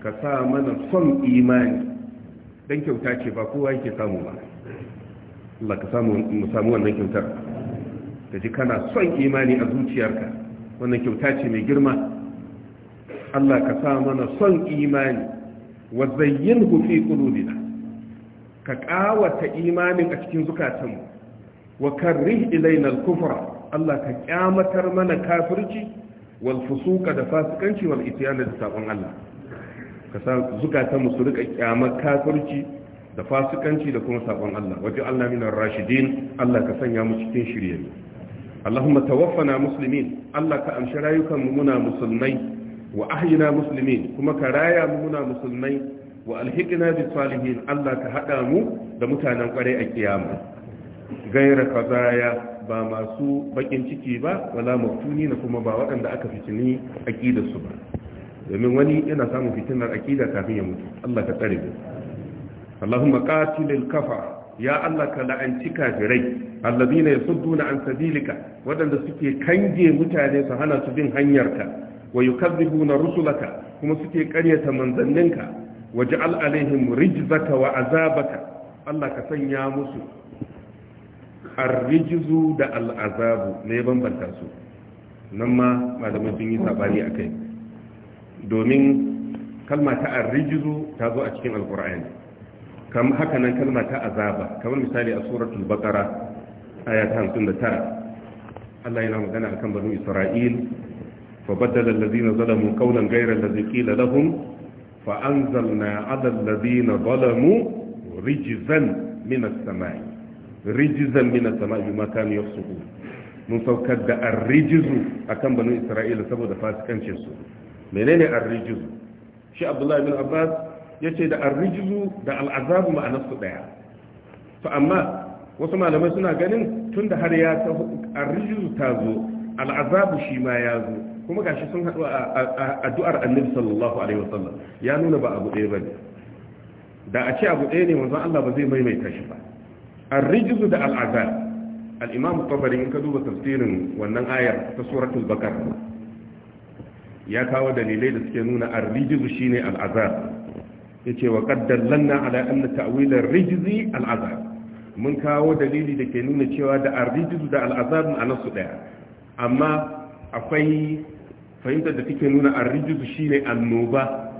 ka sa mana son imani don kyauta ce ba kowa yake samu ba Allah ka samu wannan kyautar ka ji kana son imani a zuciyarka wannan kyauta ce mai girma Allah ka sa mana son imani wa zayyinhu fi qulubina ka ƙawata imanin a cikin zukatanmu wa karrih ilaina al-kufra Allah ka kyamatar mana kafirci wal fusuka da fasikanci wal isyana da sabon Allah ka sa zukatan mu rika kyamar kafirci da fasikanci da kuma sabon Allah waje Allah minar rashidin Allah ka sanya mu cikin shirye Allahumma tawaffana muslimin Allah ka amshi rayukan mu muna musulmai wa ahyina muslimin kuma ka raya mu muna musulmai wa alhiqna bis salihin Allah ka hada mu da mutanen kware a kiyama gaira kazaya ba masu bakin ciki ba wala maftuni na kuma ba waɗanda aka fitini aƙidarsu ba domin wani yana samun fitinar aƙida kafin ya mutu Allah ka tsare mu Allahumma qatilil kafa ya Allah ka la'anci kafirai alladhina yasudduna an sabilika waɗanda suke kange mutane su hana su bin hanyarka wa yukazzibuna rusulaka kuma suke ƙaryata manzanninka waj'al alaihim rijzaka wa azabaka Allah ka sanya musu arrijizu da al'azabu ya bambanta su nan ma malamai sun yi sabani a kai domin kalma ta arrijizu ta zo a cikin alkur'ani kam haka nan kalma ta azaba kamar misali a suratul bakara aya ta 59 Allah yana magana akan banu Isra'il fa badala allazina zalamu qawlan ghayra allazi qila lahum fa anzalna 'ala allazina zalamu rijzan min as-sama'i rijizan min as-sama'i bima kanu yafsukun mun saukar da ar-rijizu akan banu isra'ila saboda fasikancin su menene ar-rijizu shi abdullahi bin abbas yace da ar-rijizu da al'azabu azabu ma'anar su daya to amma wasu malamai suna ganin tunda har ya ta rijizu ta zo al'azabu shi ma ya zo kuma gashi sun haɗu a addu'ar annabi sallallahu alaihi wasallam ya nuna ba abu ɗaya bane da a ce abu ɗaya ne manzon Allah ba zai maimaita shi ba الرجز ده العذاب الامام الطبري ان كذوب تفسير wannan ayar ta suratul البقرة ya kawo dalilai da suke nuna ar-rijzu shine al-azab yace wa qaddalanna ala anna ta'wil ar-rijzi al-azab mun kawo dalili da ke nuna cewa da ar-rijzu da al-azab a su daya amma akwai fahimtar da take nuna ar-rijzu shine annoba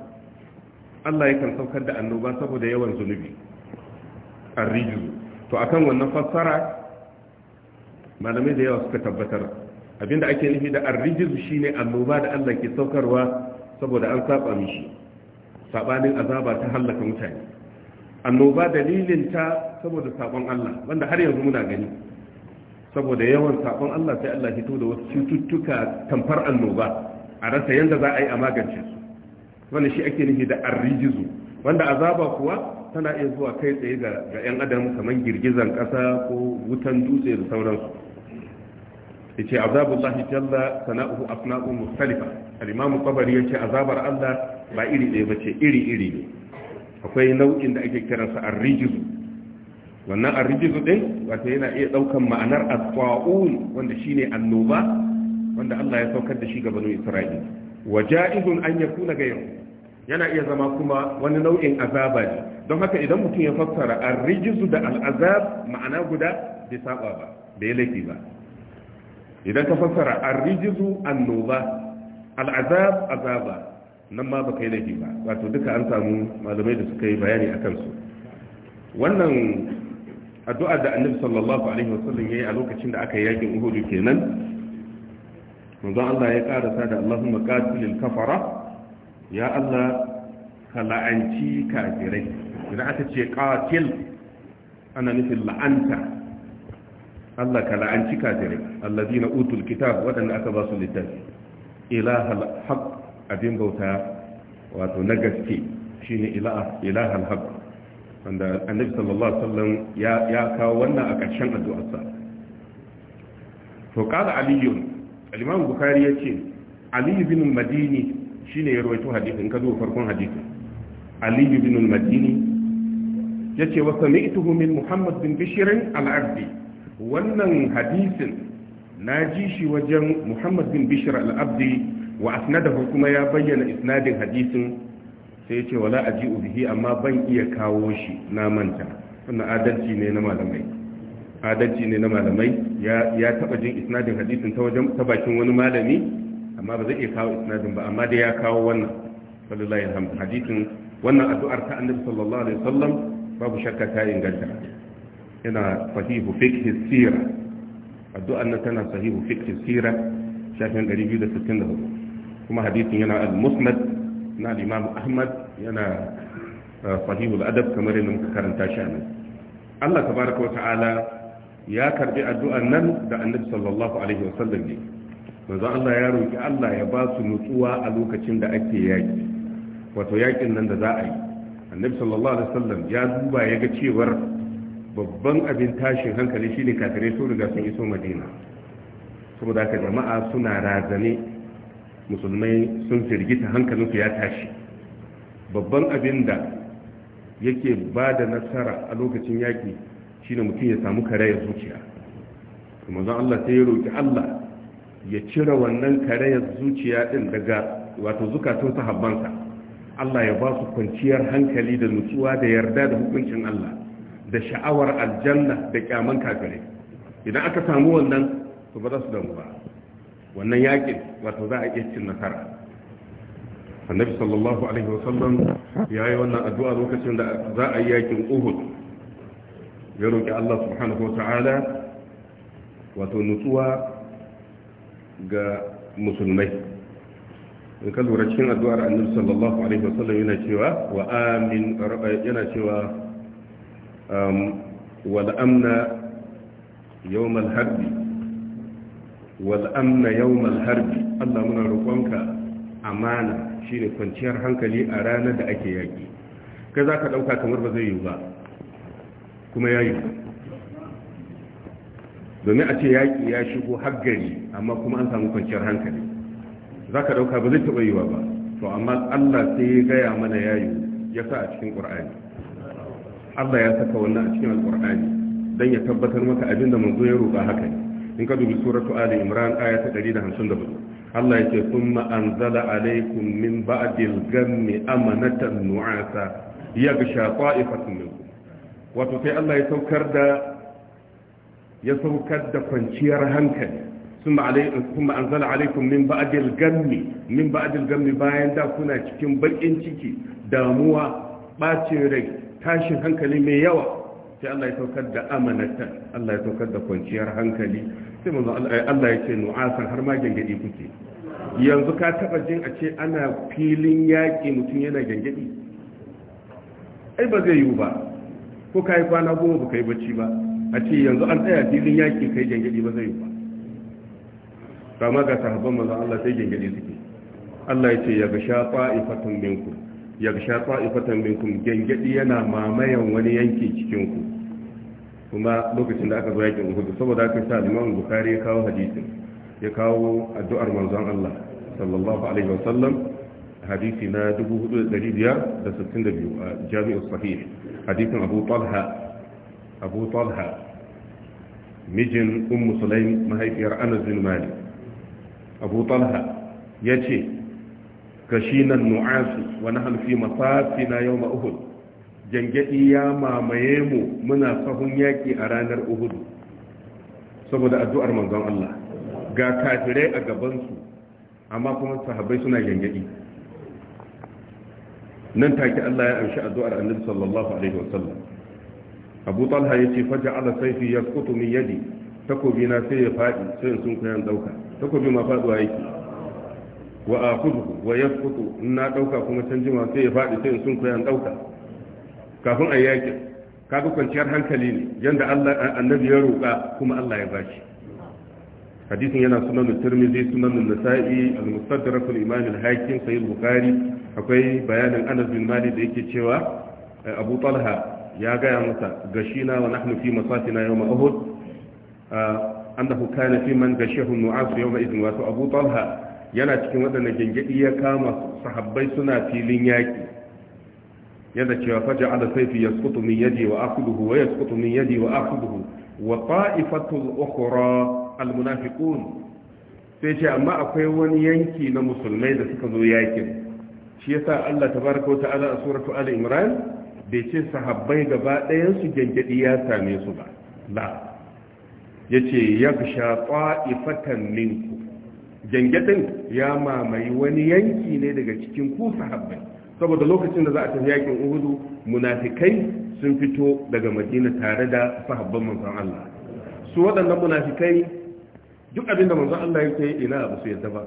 Allah yakan saukar da annoba saboda yawan zunubi ar-rijzu to akan wannan fassara malamai da yawa suka tabbatar abinda ake nufi da arrijiz shine annoba da Allah ke saukarwa saboda an saba mishi sabanin azaba ta halaka mutane annoba dalilin ta saboda sabon Allah wanda har yanzu muna gani saboda yawan sabon Allah sai Allah fito da wasu cututtuka tamfar annoba a rasa yanda za a yi a magance su wannan shi ake nufi da arrijizu wanda azaba kuwa tana iya zuwa kai tsaye ga 'yan adam kamar girgizan ƙasa ko wutan dutse da sauransu yace azabu Allah jalla sana'uhu afna'u mukhtalifa al-imam qabari yace azabar Allah ba iri ɗaya bace iri iri ne akwai nau'in da ake kiransa ar-rijzu wannan ar-rijzu din wato yana iya ɗaukan ma'anar at wanda wanda shine annoba wanda Allah ya saukar da shi ga banu Isra'ila wa ja'izun an yakuna gayru yana iya zama kuma wani nau'in azaba ne don haka idan mutum ya fassara arrijizu da al'azab ma'ana guda bai saba ba bai laifi ba idan ka fassara arrijizu annoba al'azab azaba nan ma ba kai laifi ba wato duka an samu malamai da suka yi bayani a kansu wannan addu'ar da annabi sallallahu alaihi wasallam yayi a lokacin da aka yi yakin uhudu kenan manzon Allah ya karasa da Allahumma qatilil kafara ya Allah ka la'anci kafirai idan aka ce qatil ana nufin la'anta Allah ka la'anci kafirai allazina utul kitab wadanda aka ba su littafi ilahal haqq abin bauta wato na gaske shine ilahal haqq wanda annabi sallallahu alaihi wasallam ya ya kawo wannan a ƙarshen addu'arsa to qala aliyun al-imam bukhari yace ali ibn madini shine ya rawaito hadisi in ka zo farkon hadisi ali bin al-madini yace wa sami'tuhu min muhammad bin Bishirin al-abdi wannan hadisin na ji shi wajen muhammad bin bishir al-abdi wa asnadahu kuma ya bayyana isnadin hadisin sai ce wala ji bihi amma ban iya kawo shi na manta wannan adalci ne na malamai adalci ne na malamai ya taba jin isnadin hadisin ta wajen ta bakin wani malami amma ba zai iya kawo isnadin ba amma dai ya kawo wannan sallallahu alaihi wasallam hadisin wannan addu'ar ta annabi sallallahu alaihi wasallam babu shakka ta inganta yana sahihu fiqh sirra addu'ar nan tana sahihu fiqh sirra shafin 264 kuma hadisin yana al-musnad na al-imam ahmad yana uh, sahihu al-adab kamar yadda muka karanta shi anan Allah tabaraka wa ta'ala ya karbi addu'an nan da annabi sallallahu alaihi wasallam ne manzo Allah ya roki Allah ya ba su nutsuwa a lokacin da ake yaki wato yakin nan da za a yi annabi sallallahu alaihi wasallam ya duba ya ga cewar babban abin tashin hankali shine kafirai sun riga sun iso madina saboda haka jama'a suna razane musulmai sun firgita hankalin su ya tashi babban abin da yake ba da nasara a lokacin yaƙi shine mutum ya samu karayar zuciya kuma zan Allah sai ya roƙi Allah ya cire wannan karayar zuciya din daga wato zukatun sahabbansa Allah ya ba su kwanciyar hankali da nutsuwa da yarda da hukuncin Allah da sha'awar aljanna da kyaman kafirai idan aka samu wannan to ba za su damu ba wannan yakin wato za a iya cin nasara annabi sallallahu alaihi wa sallam ya yi wannan addu'a lokacin da za a yi yakin uhud ya roƙi Allah subhanahu wa ta'ala wato nutsuwa ga musulmai in ka lura cikin addu'ar annabi sallallahu alaihi wasallam yana cewa wa amin yana cewa wal amna yawm al harbi wal amna yawm al harb Allah muna roƙonka amana shine kwanciyar hankali a ranar da ake yaki kai zaka dauka kamar ba zai yi ba kuma yayi domin a ce yaƙi ya shigo har gari amma kuma an samu kwanciyar hankali za ka ɗauka ba zai taɓa yiwa ba to amma allah sai ya gaya mana yayo ya sa a cikin ƙur'ani allah ya saka wannan a cikin alƙur'ani don ya tabbatar maka abin da manzo ya roƙa haka ne in ka dubi suratu ali imran aya ta 154 Allah ce sun ma'anzala alaykum min ba'dil gammi amanatan nu'asa yaghsha ta'ifatan minkum wato sai Allah ya saukar da ya saukar da kwanciyar hankali summa alaikum kuma anzala min ba'dil gammi min ba'dil gammi bayan da kuna cikin bakin ciki damuwa ɓacin rai tashin hankali mai yawa sai Allah ya saukar da amanatan Allah ya saukar da kwanciyar hankali sai manzo Allah eh, ya ce nu'asan har ma gangadi kuke yanzu ka taba jin a ce ana filin yaƙi mutum yana gangadi ai ba zai yiwu ba ko ka yi kwana goma ba ka yi bacci ba a ce yanzu an tsaya filin yaki kai gyangyaɗi ba zai yi ba kama ga sahabban mazan Allah sai gyangyaɗi suke Allah ya ce ya ga shafa ifatan minku ya ga shafa ifatan minkum gyangyaɗi yana mamayan wani yanki cikin ku kuma lokacin da aka zo yakin Uhud saboda aka sa Imam bukari ya kawo hadisin ya kawo addu'ar manzon Allah sallallahu alaihi wasallam hadisi na biyu a Jami'u Sahih hadisin Abu Talha Abu Talha mijin ummu sulaim mahaifiyar anas bin malik abu talha yace kashinan nu'asu wa nahnu fi yau ma uhud jangadi ya mamaye mu muna sahun yaki a ranar uhud saboda addu'ar manzon Allah ga kafirai a gabansu amma kuma sahabbai suna jangadi nan take Allah ya amshi addu'ar annabi sallallahu alaihi wasallam abu talha ya ce faja ala saifi ya kutu min yadi takobi na sai ya faɗi sai in sun kayan ɗauka takobi ma faɗuwa yake wa a kudu wa ya kutu in na ɗauka kuma can jima sai ya faɗi sai in sun kayan ɗauka kafin a yaƙi kaga kwanciyar hankali ne yadda annabi ya roƙa kuma allah ya bashi hadisin yana sunan turmizi sunan nasa'i al-mustadrak al-imam al-hakim sahih bukhari akwai bayanin anas bin malik da yake cewa abu talha ya gaya masa gashina wa nahnu fi masatina yawma uhud annahu kana fi man gashahu nu'as yawma idin wa abu talha yana cikin wadanda gengedi ya kama sahabbai suna filin yaki yadda cewa faja'ala sayfi yasqutu min yadi wa akhudhu wa yasqutu min yadi wa akhudhu wa ta'ifatu al-ukhra al-munafiqun sai ce amma akwai wani yanki na musulmai da suka zo yakin shi yasa Allah tabaaraka wa ta'ala a suratu ali imran bai ce sahabbai gaba ɗayansu gyangyaɗi ya same su ba la ya ce ya sha ƙwa'ifatan ninku gyangyaɗin ya mamaye wani yanki ne daga cikin ku sahabbai saboda lokacin da za a tafi yakin uhudu munafikai sun fito daga madina tare da sahabban manzon Allah su waɗannan munafikai duk abin da manzon Allah yake ina ba su yadda ba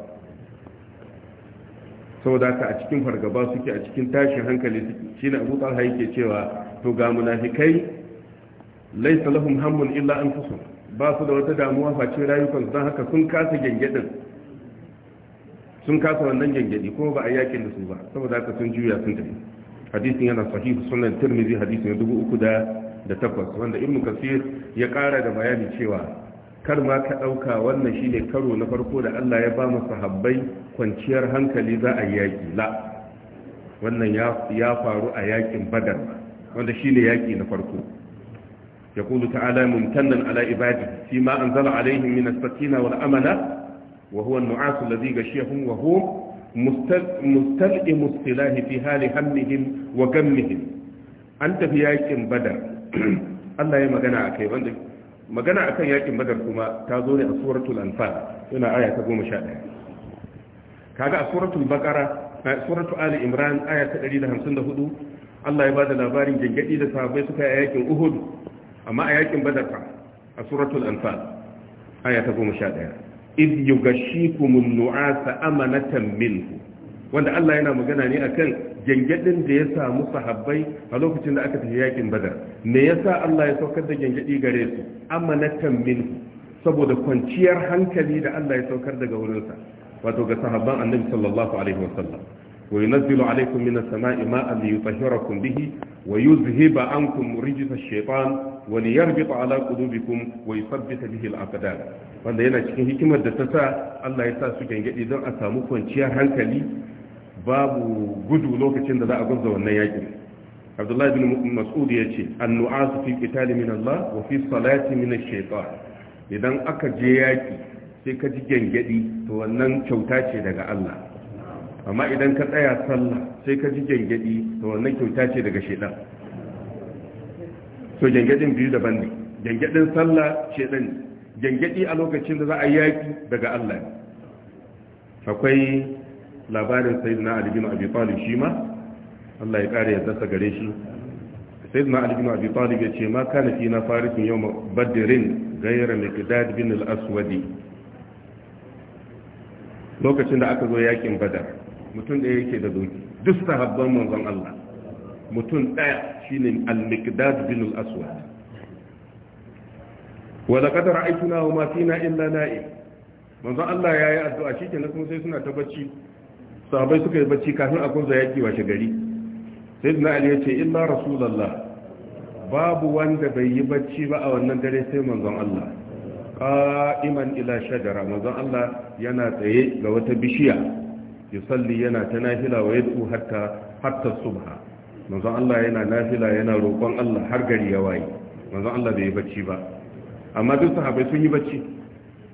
saboda haka a cikin fargaba suke a cikin tashin hankali shi ne Abu Talha yake cewa to ga munafikai laisa lahum hammun illa an fusu ba su da wata damuwa face rayukan don haka sun kasa gyangyadin sun kasa wannan gyangyadi ko ba a yakin da su ba saboda haka sun juya sun tafi hadisin yana sahihu sunan tirmidhi hadisin 3008 wanda ibnu kasir ya kara da bayani cewa kar ma ka ɗauka wannan ne karo na farko da Allah ya ba mu sahabbai kwanciyar hankali za a yaƙi la wannan ya faru a yaƙin badar wanda ne yaƙi na farko يقول تعالى ممتنا amana, عباده فيما أنزل عليهم من السكينة والأمنة وهو النعاس الذي غشيهم وهو مستلئم السلاح في An tafi yaƙin badar. Allah ya magana a kai wanda. magana akan yakin badar kuma ta zo ne a suratul anfal yana aya ta ɗaya kaga a suratul a suratul ali imran aya ta ɗari da da hamsin hudu Allah ya bada labarin gangadi da sahabbai suka yi a yakin uhud amma a yakin badar fa a suratul anfal aya ta goma sha 11 iz yughashikumun nu'asa amanatan minhu wanda Allah yana magana ne akan gyangyaɗin da ya samu sahabbai a lokacin da aka tafi yakin badar me yasa Allah ya saukar da gyangyaɗi gare su amanatan min saboda kwanciyar hankali da Allah ya saukar daga wurinsa wato ga sahabban annabi sallallahu alaihi wasallam wa yunzilu alaikum minas sama'i ma'an liyutahhirakum bihi wa yuzhiba ankum rijsa ash-shaytan wa liyarbita ala qulubikum wa yuthabbita bihi al-aqdam wanda yana cikin hikimar da ta sa Allah ya sa su gangadi don a samu kwanciyar hankali babu gudu lokacin da za a gwabza wannan yakin abdullahi bin mas'ud ya ce annu'asu fi qitali min Allah wa fi salati min ash-shaytan idan aka je yaki sai ka ji gengedi to wannan kyauta ce daga Allah amma idan ka tsaya sallah sai ka ji gengedi to wannan kyauta ce daga shaytan so gengedin biyu daban ne gengedin sallah shaytan ne gengedi a lokacin da za a yaki daga Allah akwai labarin sayyidina ali bin abi talib shi ma Allah ya kare ya sa gare shi sayyidina ali bin abi talib ya ce ma kana fi na farisun yawm Badirin ghayra miqdad bin al-aswadi lokacin da aka zo yakin badar mutum da yake da doki duk sahabban manzon Allah mutum daya shine al-miqdad bin al-aswad wa laqad ra'aytuna wa ma na illa na'im manzon Allah ya yi addu'a shi shikenan kuma sai suna ta bacci sahabai suka yi bacci kafin a kunza yaki washe gari sai na ali ya ce illa rasulallah babu wanda bai yi bacci ba a wannan dare sai manzon Allah qa'iman ila shajara manzon Allah yana tsaye ga wata bishiya yusalli yana ta nafila wa yadu hatta hatta subha manzon Allah yana nafila yana roƙon Allah har gari ya waye manzon Allah bai yi bacci ba amma duk sahabbai sun yi bacci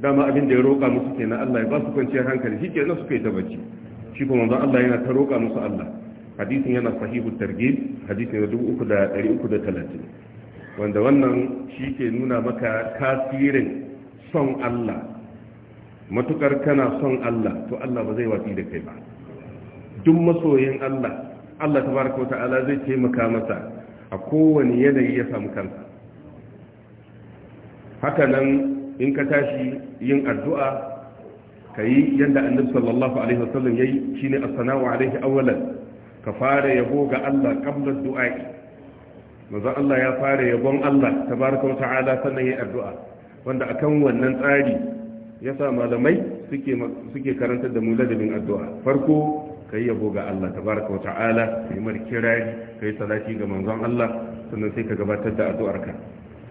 dama abin da ya roƙa musu kenan Allah ya ba su kwanciyar hankali shi kenan suka yi ta bacci shi kuma manzon Allah yana ta roƙa musu Allah hadisin yana sahihu targhib hadisin da 3330 wanda wannan shi ke nuna maka tasirin son Allah matukar kana son Allah to Allah ba zai watsi da kai ba duk masoyin Allah Allah tabaraka wa ta'ala zai taimaka masa a kowane yanayi ya samu kansa haka nan in ka tashi yin addu'a kayi yadda annabi sallallahu alaihi wasallam yayi shine as-sana'u alaihi awwalan ka fara yabo ga Allah qabla du'a manzo Allah ya fara yabon Allah tabaraka wa ta'ala sannan yayi addu'a wanda akan wannan tsari yasa malamai suke suke karantar da mu ladabin addu'a farko kai yabo ga Allah tabaraka wa ta'ala kai mar kirari kai salati ga manzon Allah sannan sai ka gabatar da addu'arka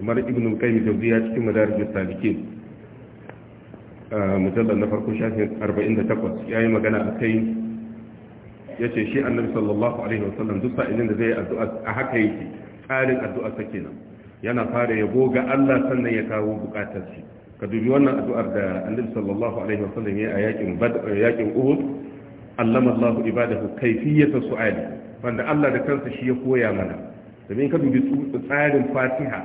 kamar ibnu qayyim jawziya cikin madarijus salikin mujallar na farko shafin 48 ya yi magana a kai ya ce shi annabi sallallahu alaihi wasallam duk sa'ilin da zai yi addu'a a haka yake tsarin addu'a ta kenan yana fara yabo ga Allah sannan ya kawo bukatar shi ka dubi wannan addu'ar da annabi sallallahu alaihi wasallam ya yi a yakin yakin Uhud allama Allahu ibadahu kayfiyata su'ali wanda Allah da kansa shi ya koya mana domin ka dubi tsarin Fatiha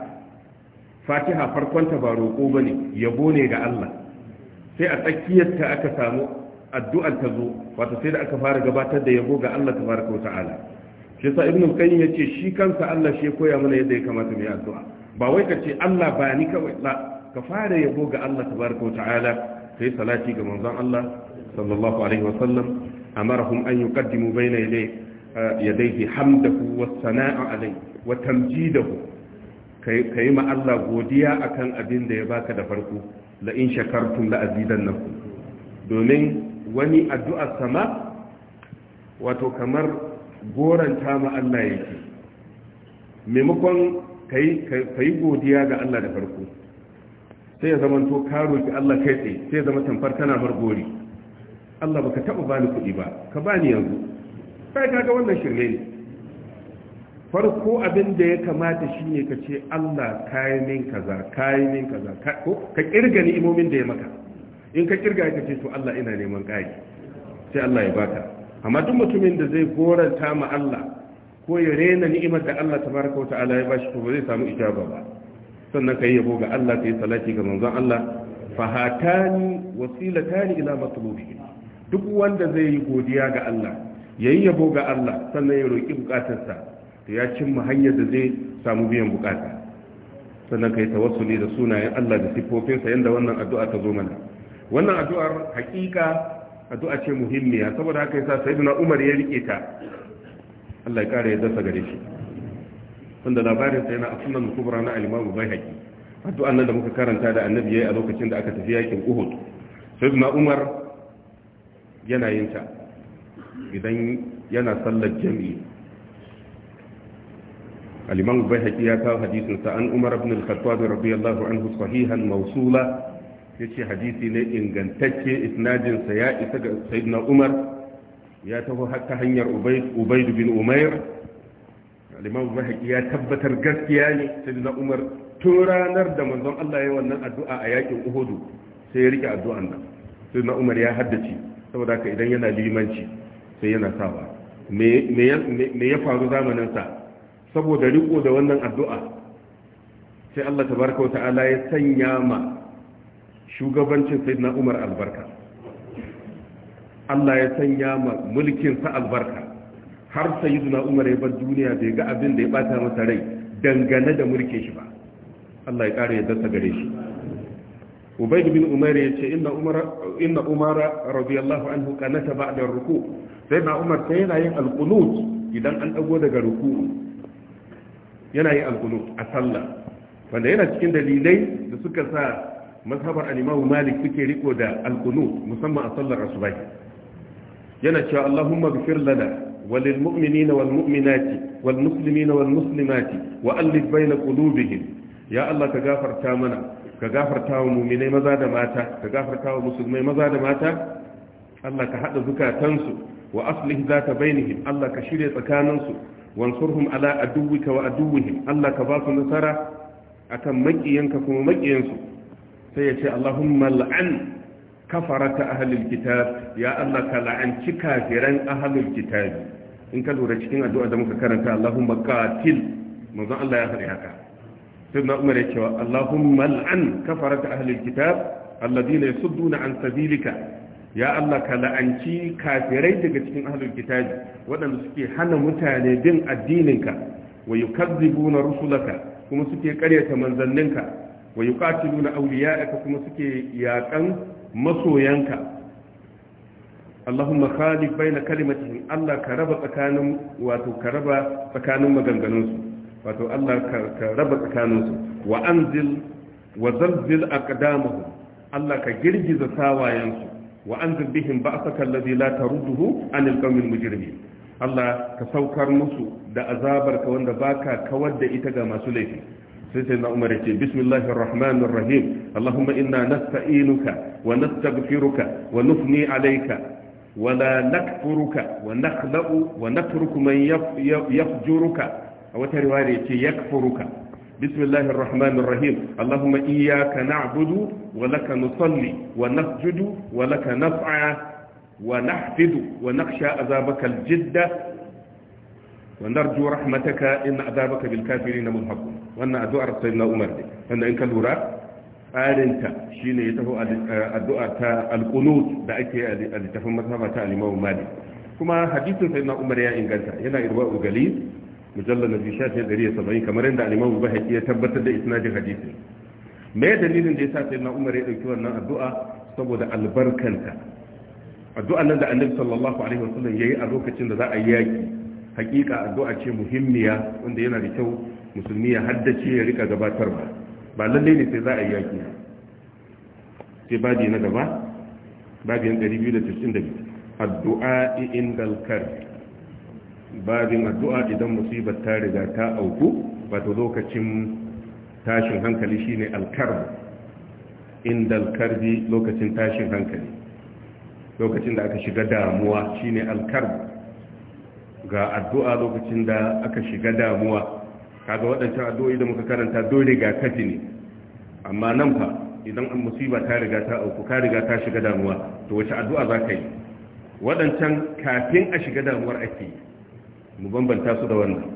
Fatiha farkon ta ba roƙo bane yabo ne ga Allah sai a tsakiyarta aka samu addu'ar ta zo wata sai da aka fara gabatar da yabo ga Allah tabaraka wa ta'ala shi sa ibnu ya ce shi kansa Allah shi koya mana yadda ya kamata mu yi addu'a ba wai ka ce Allah ba ni kawai la ka fara yabo ga Allah tabaraka wa ta'ala kai salati ga manzon Allah sallallahu alaihi wa sallam amarahum an yuqaddimu bayna uh, yadayhi hamdahu was sana'a alayhi wa tamjidahu kai ma Allah godiya akan abin da ya baka da farko la in shakartum la azidannakum domin wani addu'a sama wato kamar ta ma Allah yake maimakon kai godiya ga Allah da farko sai ya zama to ka roki Allah kai tsaye sai ya zama tamfar kana mar gori Allah baka taba bani kuɗi ba ka bani yanzu sai kaga wannan shirme ne farko abin da ya kamata shi ne ka ce Allah kayi min kaza yi min kaza ka kirga ni'imomin da ya maka in ka kirga ka ce to Allah ina neman kai sai Allah ya baka amma duk mutumin da zai goranta ma Allah ko ya rena ni'imar da Allah ta wata wata'ala ya bashi to ba zai samu ijaba ba sannan kai yabo ga Allah yi salati ga manzon Allah fahatani wasilatani ila matlubihi duk wanda zai yi godiya ga Allah yayi yabo ga Allah sannan ya roki bukatarsa da ya cimma hanyar da zai samu biyan bukata sannan kai tawassuli da sunayen Allah da sifofinsa da wannan addu'a ta zo mana wannan addu'ar hakika addu'a ce muhimmiya saboda haka yasa sayyidina Umar ya rike ta Allah ya kare ya dasa gare shi wanda labarin sa yana asunan kubra na al bai Baihaqi addu'an nan da muka karanta da Annabi yayi a lokacin da aka tafi yakin Uhud sayyidina Umar yana yin ta idan yana sallar jami'i al-imam bayhaqi ya kawo hadisin sa an umar ibn al-khattab radiyallahu anhu sahihan mawsula yace hadisi ne ingantacce isnadin sa ya isa ga sayyidina umar ya taho ta hanyar ubayd bin umair al-imam bayhaqi ya tabbatar gaskiya ne sayyidina umar tun ranar da manzon Allah ya wannan addu'a a yakin uhudu sai ya rike addu'an nan sayyidina umar ya haddace saboda haka idan yana limanci sai yana sawa me ya faru zamanin sa. saboda riko da wannan addu'a sai Allah barka wa ta'ala ya sanya ma shugabancin sayyidina Umar albarka Allah ya sanya ma mulkin albarka har sayyidina Umar ya bar duniya bai ga abin da ya bata masa rai dangane da mulkin shi ba Allah ya ƙara ya dasa gare shi Ubaid bin Umar ya ce inna Umar inna Umar radiyallahu anhu kanata da ruku sayyidina Umar sai yana yin alqunut idan an ɗago daga ruku'u yana yi alkunu a sallah wanda yana cikin dalilai da suka sa mazhabar alimawu malik suke riko da alkunu musamman a sallar asubai yana cewa allahumma bifir lana walil mu'minina wal mu'minati wal muslimina wal muslimati wa allif baina qulubihim ya allah ka gafarta mana ka gafarta wa mu'minai maza da mata ka gafarta wa musulmai maza da mata allah ka hada zukatansu wa aslih zata bainihim allah ka shirya tsakaninsu wansurhum ala aduwwika wa aduwwihim Allah ka ba su nasara akan makiyanka kuma makiyansu sai ya ce Allahumma la'an kafarata ahlul kitab ya Allah ka la'anci kafiran ahlul kitab in ka lura cikin addu'a da muka karanta Allahumma qatil manzo Allah ya faɗi haka sai na Umar ya ce Allahumma la'an kafarata ahlul kitab alladhina yasudduna an sabilika ya Allah ka la'anci kafirai daga cikin ahlul kitabi waɗanda suke hana mutane bin addininka wa na rusulaka kuma suke ƙaryata manzanninka wa yuqatiluna awliya'aka kuma suke yaƙan masoyanka Allahumma khalif baina kalimatihim Allah ka raba tsakanin wato ka raba tsakanin maganganunsu wato Allah ka raba tsakaninsu wa anzil wa zalzil aqdamahum Allah ka girgiza sawayensu wa anzil bihim ba'saka alladhi la tarudduhu anil qawmil mujrimin Allah ka saukar musu da azabarka wanda baka kawar da ita ga masu laifi sai sai na umar ce bismillahir rahmanir rahim allahumma inna nasta'inuka wa nastaghfiruka wa nufni alayka wa la nakfuruka wa nakhla'u wa natruku man yafjuruka a wata riwaya ce yakfuruka بسم الله الرحمن الرحيم اللهم إياك نعبد ولك نصلي ونسجد ولك نسعى ونحفد ونخشى عذابك الجد ونرجو رحمتك إن عذابك بالكافرين ملحق وأن أدعى سيدنا عمر أن إن كان tsarinta shi ne ya taho addu'a ta alkunut da ake a littafin mazhaba ta alimawu mali kuma hadisin sai na umar ya inganta yana irwa ugali mujallar na biyu shafin ɗari ya saba'in kamar yadda alimamu ba haƙi ya tabbatar da isnadin hadisi me dalilin da ya sa sai na umar ya ɗauki wannan addu'a saboda albarkanta addu'a nan da annabi sallallahu alaihi wasallam yayi a lokacin da za a yi yaki hakika addu'a ce muhimmiya wanda yana da kyau musulmi ya haddace ya rika gabatarwa ba lalle ne sai za a yi yaki sai babi na gaba babi 292 addu'a indal karbi babin addu'a idan musibar ta riga ta auku wato lokacin tashin hankali shine alkarb inda alkarbi lokacin tashin hankali lokacin da aka shiga damuwa shine alkarb ga addu'a lokacin da aka shiga damuwa kaga waɗancan addu'o'i da muka karanta dole ga kafi ne amma nan fa idan an musiba ta riga ta auku ka riga ta shiga damuwa to wace addu'a za ka yi waɗancan kafin a shiga damuwar ake yi mu bambanta su da wannan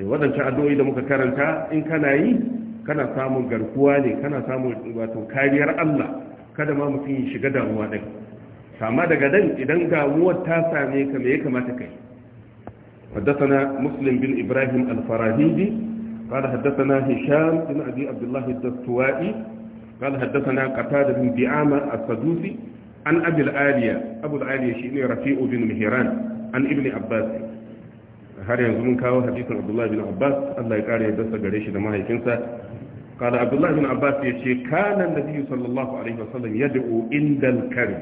eh, waɗancan addu'o'i da muka karanta in kana yi kana samun garkuwa ne kana samun wato kariyar Allah kada ma mutum ya shiga damuwa ɗin kama daga dan idan damuwar ta same ka me ya kamata kai حدثنا مسلم بن إبراهيم الفراهيدي قال حدثنا هشام بن أبي عبد الله الدستوائي قال حدثنا bin بن دعامة السدوسي عن أبي العالية أبو العالية شيء رفيع بن مهران عن ابن عباس har yanzu mun kawo hadisin abdullahi bin abbas allah ya kare ya dasa gare shi da mahaifinsa kada abdullahi bin abbas ya ce kana nabi sallallahu alaihi wasallam yad'u indal kari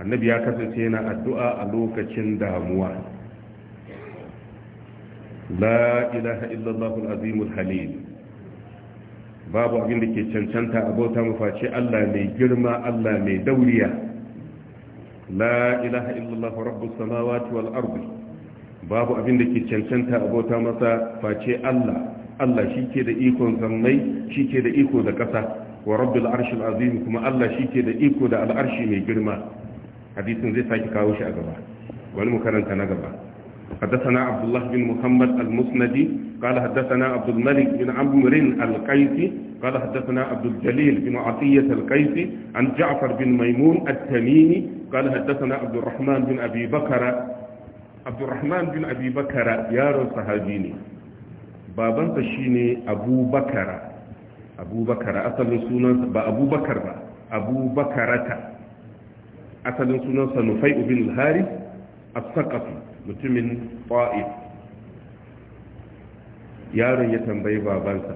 annabi ya kasance yana addu'a a lokacin damuwa la ilaha illallah al-azim al-halil babu abin da ke cancanta a bauta mafaci Allah mai girma Allah mai dauriya la ilaha illallah rabbus samawati wal ardi babu abin da ke cancanta abota masa face Allah Allah shi ke da ikon zammai shi ke da iko da ƙasa wa rabbi arshil azim kuma Allah shi ke da iko da al'arshi mai girma hadisin zai sake kawo shi a gaba wani karanta na gaba حدثنا عبد الله بن محمد المسندي قال حدثنا عبد الملك بن عمرو القيسي قال حدثنا عبد الجليل بن عطية القيسي عن جعفر بن ميمون التميمي قال حدثنا عبد الرحمن بن أبي بكر abdurrahman bin abi bakara yaron sahabi ne babansa shine abu bakara asalin sunansa ba Abubakar ba abu asalin sunansa nufai ubin al-harith as-saqafi mutumin ta'if yaron ya tambayi babansa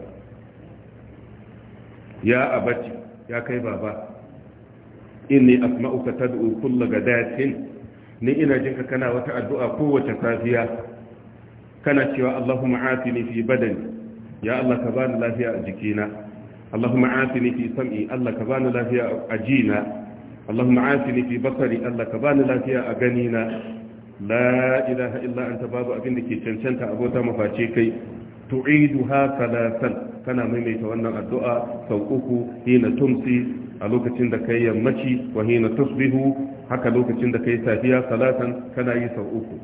ya abaci ya kai baba inni asma'uka tad'u kullu gadatin ni ina jin ka kana wata addu'a kowace safiya kana cewa Allahumma afini fi badan ya Allah ka bani lafiya a jikina Allahumma afini fi sam'i Allah ka bani lafiya a jina Allahumma afini fi basari Allah ka bani lafiya a ganina la ilaha illa anta babu abin da ke cancanta abota maface kai ha salatan kana maimaita wannan addu'a sau uku hina tumsi a lokacin da kai yammaci wa hina tusbihu haka lokacin da kai safiya salatan kana yi sau uku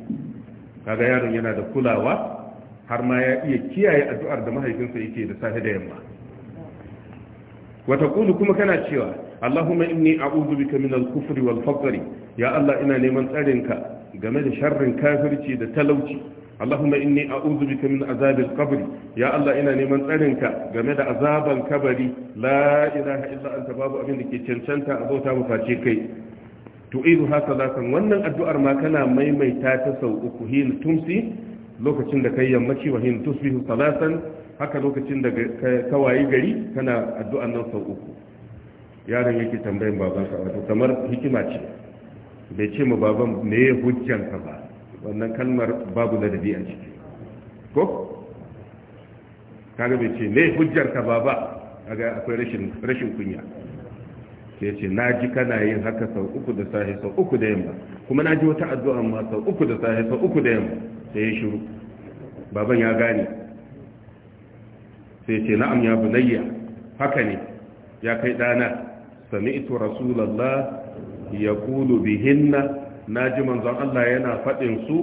kaga yaron yana da kulawa har ma ya iya kiyaye addu'ar da mahaifinsa yake da safe da yamma wa taqulu kuma kana cewa Allahumma inni a'udhu bika min al-kufri wal ya Allah ina neman tsarinka game da sharrin kafirci da talauci Allahumma inni a'udhu bika min azabil qabr ya Allah ina neman tsarinka game da azaban kabari la ilaha illa anta babu abin da ke cancanta abota mu face kai tu'idu haka zakan wannan addu'ar ma kana maimaita ta sau uku hin tumsi lokacin da kai yammaci wa hin tusbihu salatan haka lokacin da kawayi gari kana addu'an nan sau uku yaron yake tambayin babansa wato kamar hikima ce bai ce ma baban me ya hujjanka ba wannan kalmar babu ladabi a ciki ko kaga bai ce me hujjar ka baba kaga akwai rashin rashin kunya sai ce na ji kana yin haka sau uku da sahi sau uku da yamma kuma na ji wata addu'a ma sau uku da sahi sau uku da yamma sai ya shiru baban ya gane sai ce na'am ya bunayya haka ne ya kai dana sami'tu rasulullah yaqulu bihinna na ji manzon Allah yana faɗin su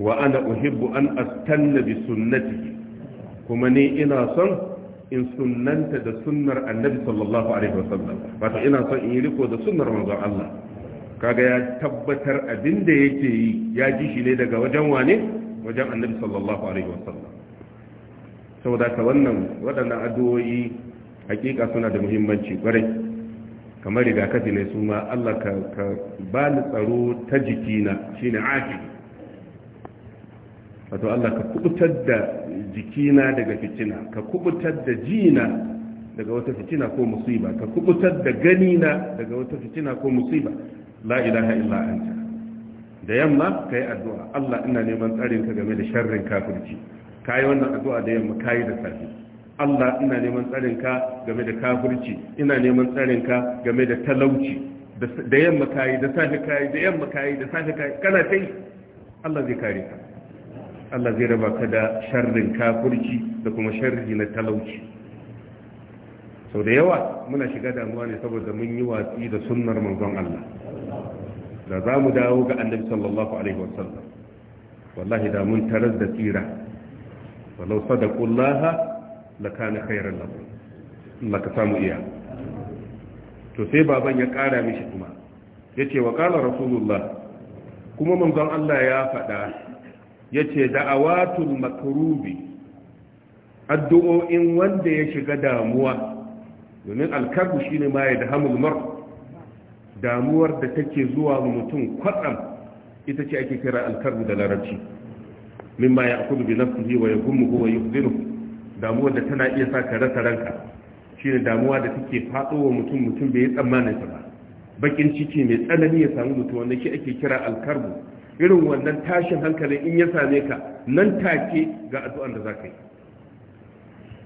wa ana uhibbu an astanna bi sunnati kuma ni ina son in sunnanta da sunnar annabi sallallahu alaihi wasallam wato ina son in yi riko da sunnar manzon Allah kaga ya tabbatar abin da yake yi ya ji shi ne daga wajen wane wajen annabi sallallahu alaihi wasallam saboda ta wannan waɗannan addu'o'i hakika suna da muhimmanci kwarai kamar rigakafi ne su ma Allah ka ba ni tsaro ta jikina shine afi wato Allah ka kubutar da jikina daga fitina ka kubutar da jina daga wata fitina ko musiba ka kubutar da ganina daga wata fitina ko musiba la ilaha illa anta da yamma kai addu'a Allah ina neman tsarin ka game da sharrin kafirci kai wannan addu'a da yamma kai da safi Allah ina neman tsarinka game da kafirci ina neman tsarinka game da talauci da yamma kayi da safe kayi da yamma kayi da safe kayi kana kai Allah zai kare ka Allah zai raba ka da sharrin kafirci da kuma sharri na talauci sau da yawa muna shiga damuwa ne saboda mun yi watsi da sunnar manzon Allah da za mu dawo ga annabi sallallahu alaihi wasallam wallahi da mun tarar da tsira walau sadaqullaha lakana khairan lahu Allah ka samu iya to sai baban ya kara mishi kuma yace wa qala rasulullah kuma manzon Allah ya faɗa yace da'awatul makrubi addu'o'in wanda ya shiga damuwa domin alkarbu shine ma ya dahamul mar damuwar da take zuwa mutum kwatsam ita ce ake kira alkarbu da larabci mimma ya akudu bi nafsihi wa yagummuhu wa yuhzinuhu damuwar da tana iya sa ka rasa ranka shi ne damuwa da take faɗowa mutum mutum bai yi tsammanin ba bakin ciki mai tsanani ya samu mutum wanda shi ake kira alkarbu irin wannan tashin hankalin in ya same ka nan take ga addu'an da zaka yi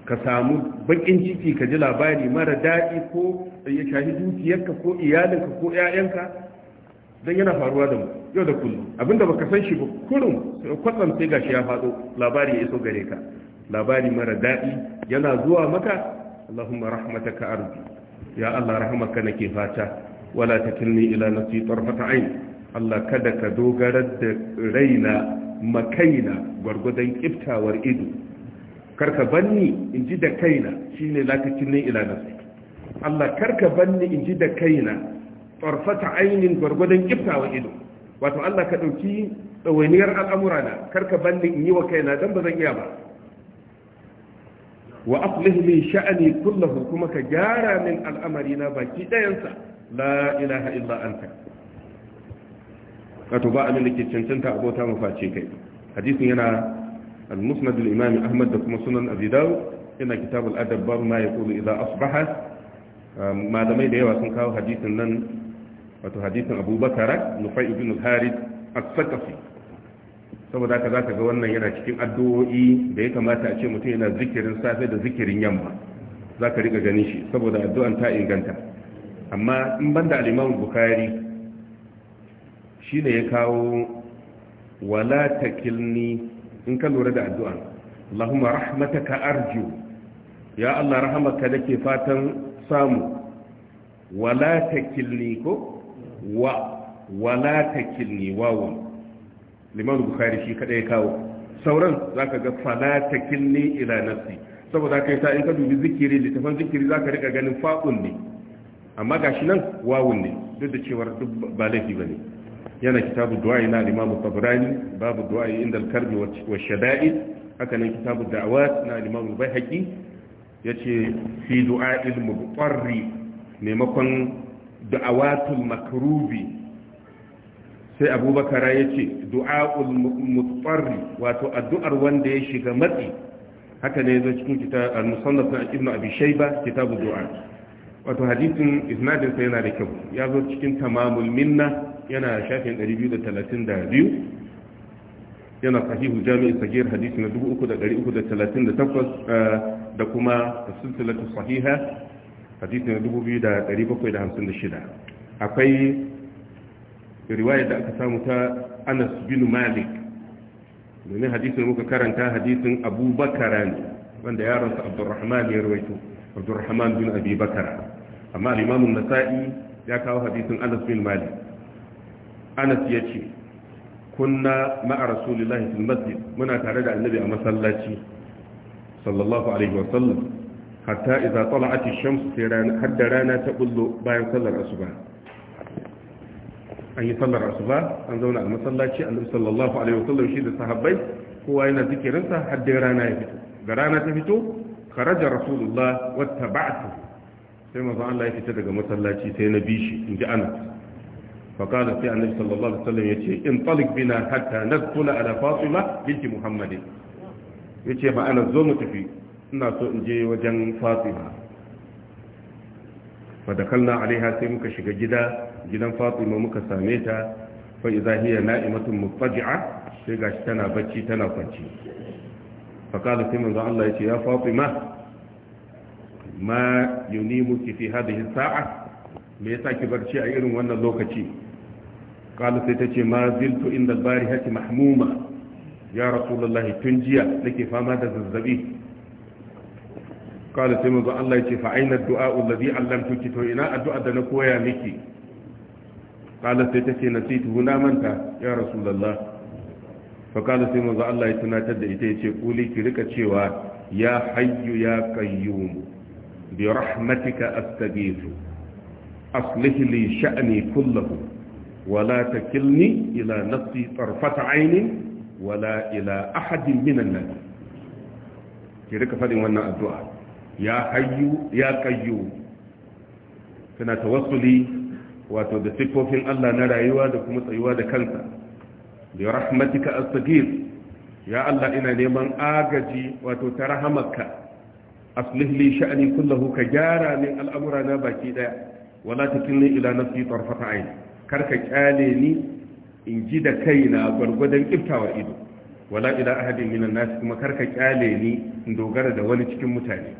ka samu bakin ciki ka ji labari mara daɗi ko ya shahi dukiyarka ko iyalinka ko 'ya'yanka dan yana faruwa da mu yau da kullum abinda baka san shi ba kurum kwatsam sai gashi ya faɗo labari ya iso gare ka labari mara daɗi yana zuwa maka Allahumma rahmataka arju ya Allah rahmaka nake fata wala takilni ila nafsi tarfata ayn Allah kada ka dogarar da raina makaina gwargwadon kiftawar ido karka banni in ji da kaina shine la takilni ila nafsi Allah karka banni in ji da kaina tarfata aynin gwargwadon kiftawar ido wato Allah ka ɗauki ɗawainiyar al'amura na, karka banni in yi wa kaina don ba zan iya ba wa aslih li sha'ani kullahu kuma ka gyara min al'amari na baki dayansa la ilaha illa anta wato ba abin da ke cancanta abota mafaci kai hadisin yana al-musnad al-imam ahmad da kuma sunan abi dawud yana kitab al-adab bab ma yaqulu idha asbaha malamai da yawa sun kawo hadisin nan wato hadisin abubakar nufai ibn al-harith as sakafi. saboda haka za ka ga wannan yana cikin addu'o'i da ya kamata a ce mutum yana zikirin safe da zikirin yamma za ka riga ganin shi saboda addu'an ta inganta amma in banda al'imamu bukari shi ne ya kawo wala takilni in ka lura da addu'an allahumma rahmataka arju ya allah rahamaka da ke fatan samu wala takilni ko wa wala takilni wawon liman bukhari shi kada ya kawo sauran zaka ga fala takilni ila nafsi saboda kai sa in ka dubi zikiri littafin zikiri zaka rika ganin fa'un ne amma gashi nan wawun ne duk da cewar duk ba laifi bane yana kitabu du'a na limamu babu du'a inda al-karbi wa shada'id haka nan kitabu da'awat na limamu bai yace fi du'a ilmu muqtarri maimakon da'awatul makrubi sai abubakar ya ce du'a'ul mutsarri wato addu'ar wanda ya shiga matsi haka ne zo cikin kita al-musannaf na ibn abi shayba kitabu du'a wato hadisin isnadin sa yana da kyau ya zo cikin tamamul minna yana shafin 232 yana sahihu jami'i sagir hadisi na 3338 eh, da kuma silsilatu sahiha hadisi na 2756 akwai riwaya da aka samu ta anas bin malik domin hadisin muka karanta hadisin abubakar ne wanda yaronsa abdurrahman ya rawaito abdurrahman bin abi bakara amma limamin nasa'i ya kawo hadisin anas bin malik anas ya ce kunna ma'a rasulillahi fil masjid muna tare da annabi a masallaci sallallahu alaihi wa sallam hatta idza tala'at ash-shams hadda rana ta bullo bayan sallar asuba an yi sallar asuba an zauna a masallaci annabi sallallahu alaihi wasallam shi da sahabbai kowa yana zikirinsa har dai rana ya fito ga rana ta fito kharaja rasulullah wattaba'tu sai manzo Allah ya fita daga masallaci sai na bi shi in ji fa kana sai annabi sallallahu alaihi wasallam ce in talik bina hatta nadkhula ala fatima binti ya ce ba ana zo mu tafi ina so in je wajen fatima fa dakalna alaiha sai muka shiga gida gidan fatima muka same ta fa idza hiya na'imatun mutfaji'a sai ga shi tana bacci tana kwanci fa qala sai manzo Allah yace ya fatima ma yunimuki fi hadhihi sa'a me yasa ki barci a irin wannan lokaci Kala sai ta ce ma ziltu inda barihati mahmuma ya rasulullahi tun jiya nake fama da zazzabi قال سيما الله يتي فأين الدعاء الذي علمتك تو إنا الدعاء دنا كويا ميكي قالت تتشي نسيت هنا منتا يا رسول الله فقال سيما ذا الله يتناتد إتيتي قولي كركة شوا يا حي يا قيوم برحمتك أستغيث أصلح لي شأني كله ولا تكلني إلى نفسي طرفة عين ولا إلى أحد من الناس كركة فلن وانا الدعاء يا حي يا قيوم كنا توصلي wato da siffofin Allah na rayuwa da kuma tsayuwa da kansa bi rahmatika astaghfir ya Allah ina neman agaji wato ta rahamarka aslih li sha'ni kullahu ka gyara min al'amura na baki daya wala takilni ila nafsi tarfata ayn karka kyale ni in ji da kaina gwargwadon kiftawar ido wala ila ahadin minan nas kuma ka kyale ni in dogara da wani cikin mutane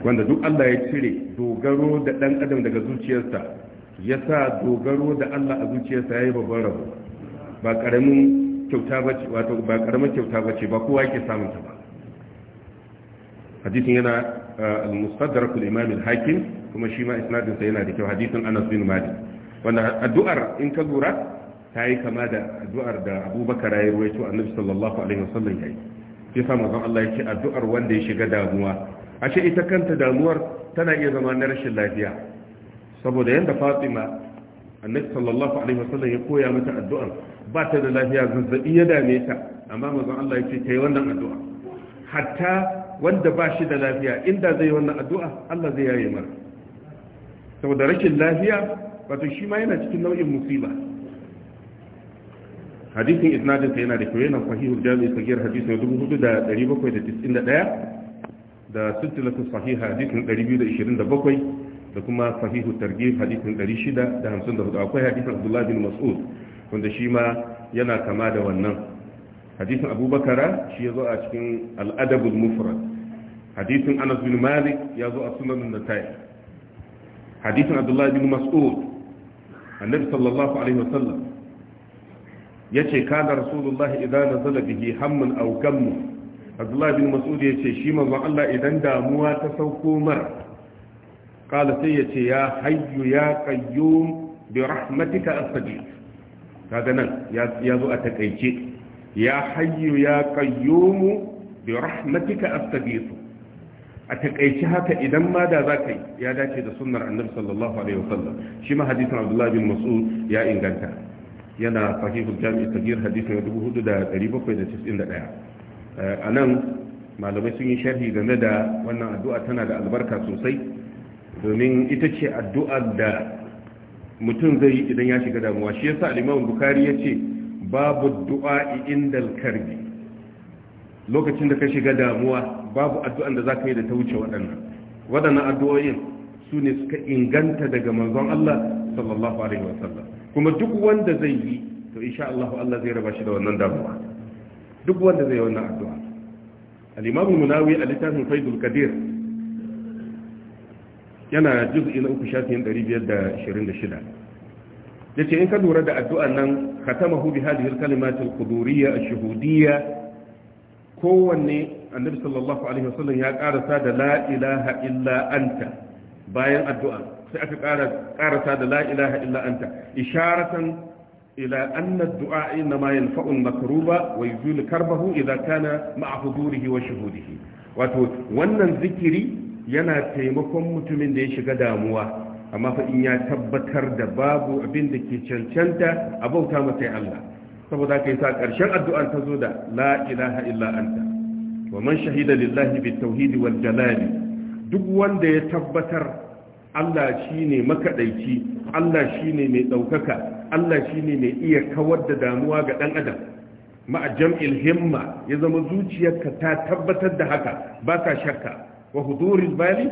wanda duk Allah ya cire dogaro da dan adam daga zuciyarsa ya sa dogaro da Allah a zuciyarsa ya yi babban rabo ba ƙaramin kyauta bace wato ba ƙaramin kyauta bace ba kowa yake samun ta ba hadisin yana al-mustadrak al-imam al-hakim kuma shi ma isnadin sa yana da kyau hadisin Anas bin Malik wanda addu'ar in ka lura ta yi kama da addu'ar da Abubakar ya ruwaito Annabi sallallahu alaihi wasallam yayi ya sa mazan Allah yake addu'ar wanda ya shiga damuwa ashe ita kanta damuwar tana iya zama na rashin lafiya saboda yadda Fatima annabi sallallahu alaihi wasallam ya koya mata addu'ar ba ta da lafiya zazzabi ya dame ta amma mazan Allah yake kai wannan addu'a hatta wanda ba shi da lafiya inda zai wannan addu'a Allah zai yaye mara saboda rashin lafiya wato shi ma yana cikin nau'in musiba hadisin isnadin sa yana da kyau yana sahihul jami'i sagir hadisin 4791 da silsilatu sahiha hadisin 227 da kuma sahihu targhib hadisin 654 akwai hadisin Abdullahi bin Mas'ud wanda shi ma yana kama da wannan hadisin Abubakar shi ya zo a cikin al-adabul mufrad hadisin Anas bin Malik ya zo a sunanin an-Nasa'i hadisin Abdullah bin Mas'ud annabi sallallahu alaihi wasallam ya yace kana rasulullahi idan nazala bihi hammun aw gammun abdullahi bin mas'ud yace shi manzon Allah idan damuwa ta sauko mar kala sai yace ya hayyu ya qayyum bi rahmatika astajib kaga nan ya zo a takaice ya hayyu ya qayyum bi rahmatika astajib a takaice haka idan ma da za ka yi ya dace da sunnar annabi sallallahu alaihi wasallam shi ma hadisin abdullahi bin mas'ud ya inganta yana sahihul jami'i sagir hadisi na 4791 eh, a nan malamai sun yi sharhi game da wannan addu'a tana da albarka sosai domin ita ce addu'ar da mutum zai yi idan ya shiga damuwa shi yasa al-Imam Bukhari yace babu du'a indal karbi lokacin da ka shiga damuwa babu addu'an da zaka yi da ta wuce waɗannan waɗannan addu'o'in su ne suka inganta daga manzon Allah sallallahu alaihi wasallam kuma duk wanda zai yi to insha Allah Allah zai raba shi da wannan damuwa duk wanda zai yi wannan addu'a al-Imam Munawi a littafin Faidul Qadir yana juz'i na 3 shafin 526 yace in ka lura da addu'a nan ka tama hadhihi al-kalimat al-quduriyya shahudiya kowanne annabi sallallahu alaihi wasallam ya karasa da la ilaha illa anta bayan addu'a sai aka karasa da la ilaha illa anta isharatan ila anna ad-du'a inma yanfa'u al-makruba wa yuzil karbahu idan kana ma'a hudurihi wa wato wannan zikiri yana taimakon mutumin da ya shiga damuwa amma fa in ya tabbatar da babu abin da ke cancanta a bauta masa Allah saboda kai sa karshen addu'ar ta zo da la ilaha illa anta wa man shahida lillahi bi tauhid wal jalali duk wanda ya tabbatar Allah shi ne makaɗaici Allah shi ne mai ɗaukaka Allah shi ne mai iya kawar da damuwa ga ɗan adam ma'a jam'il himma ya zama zuciyarka ta tabbatar da haka ba ka shakka wa huduril bali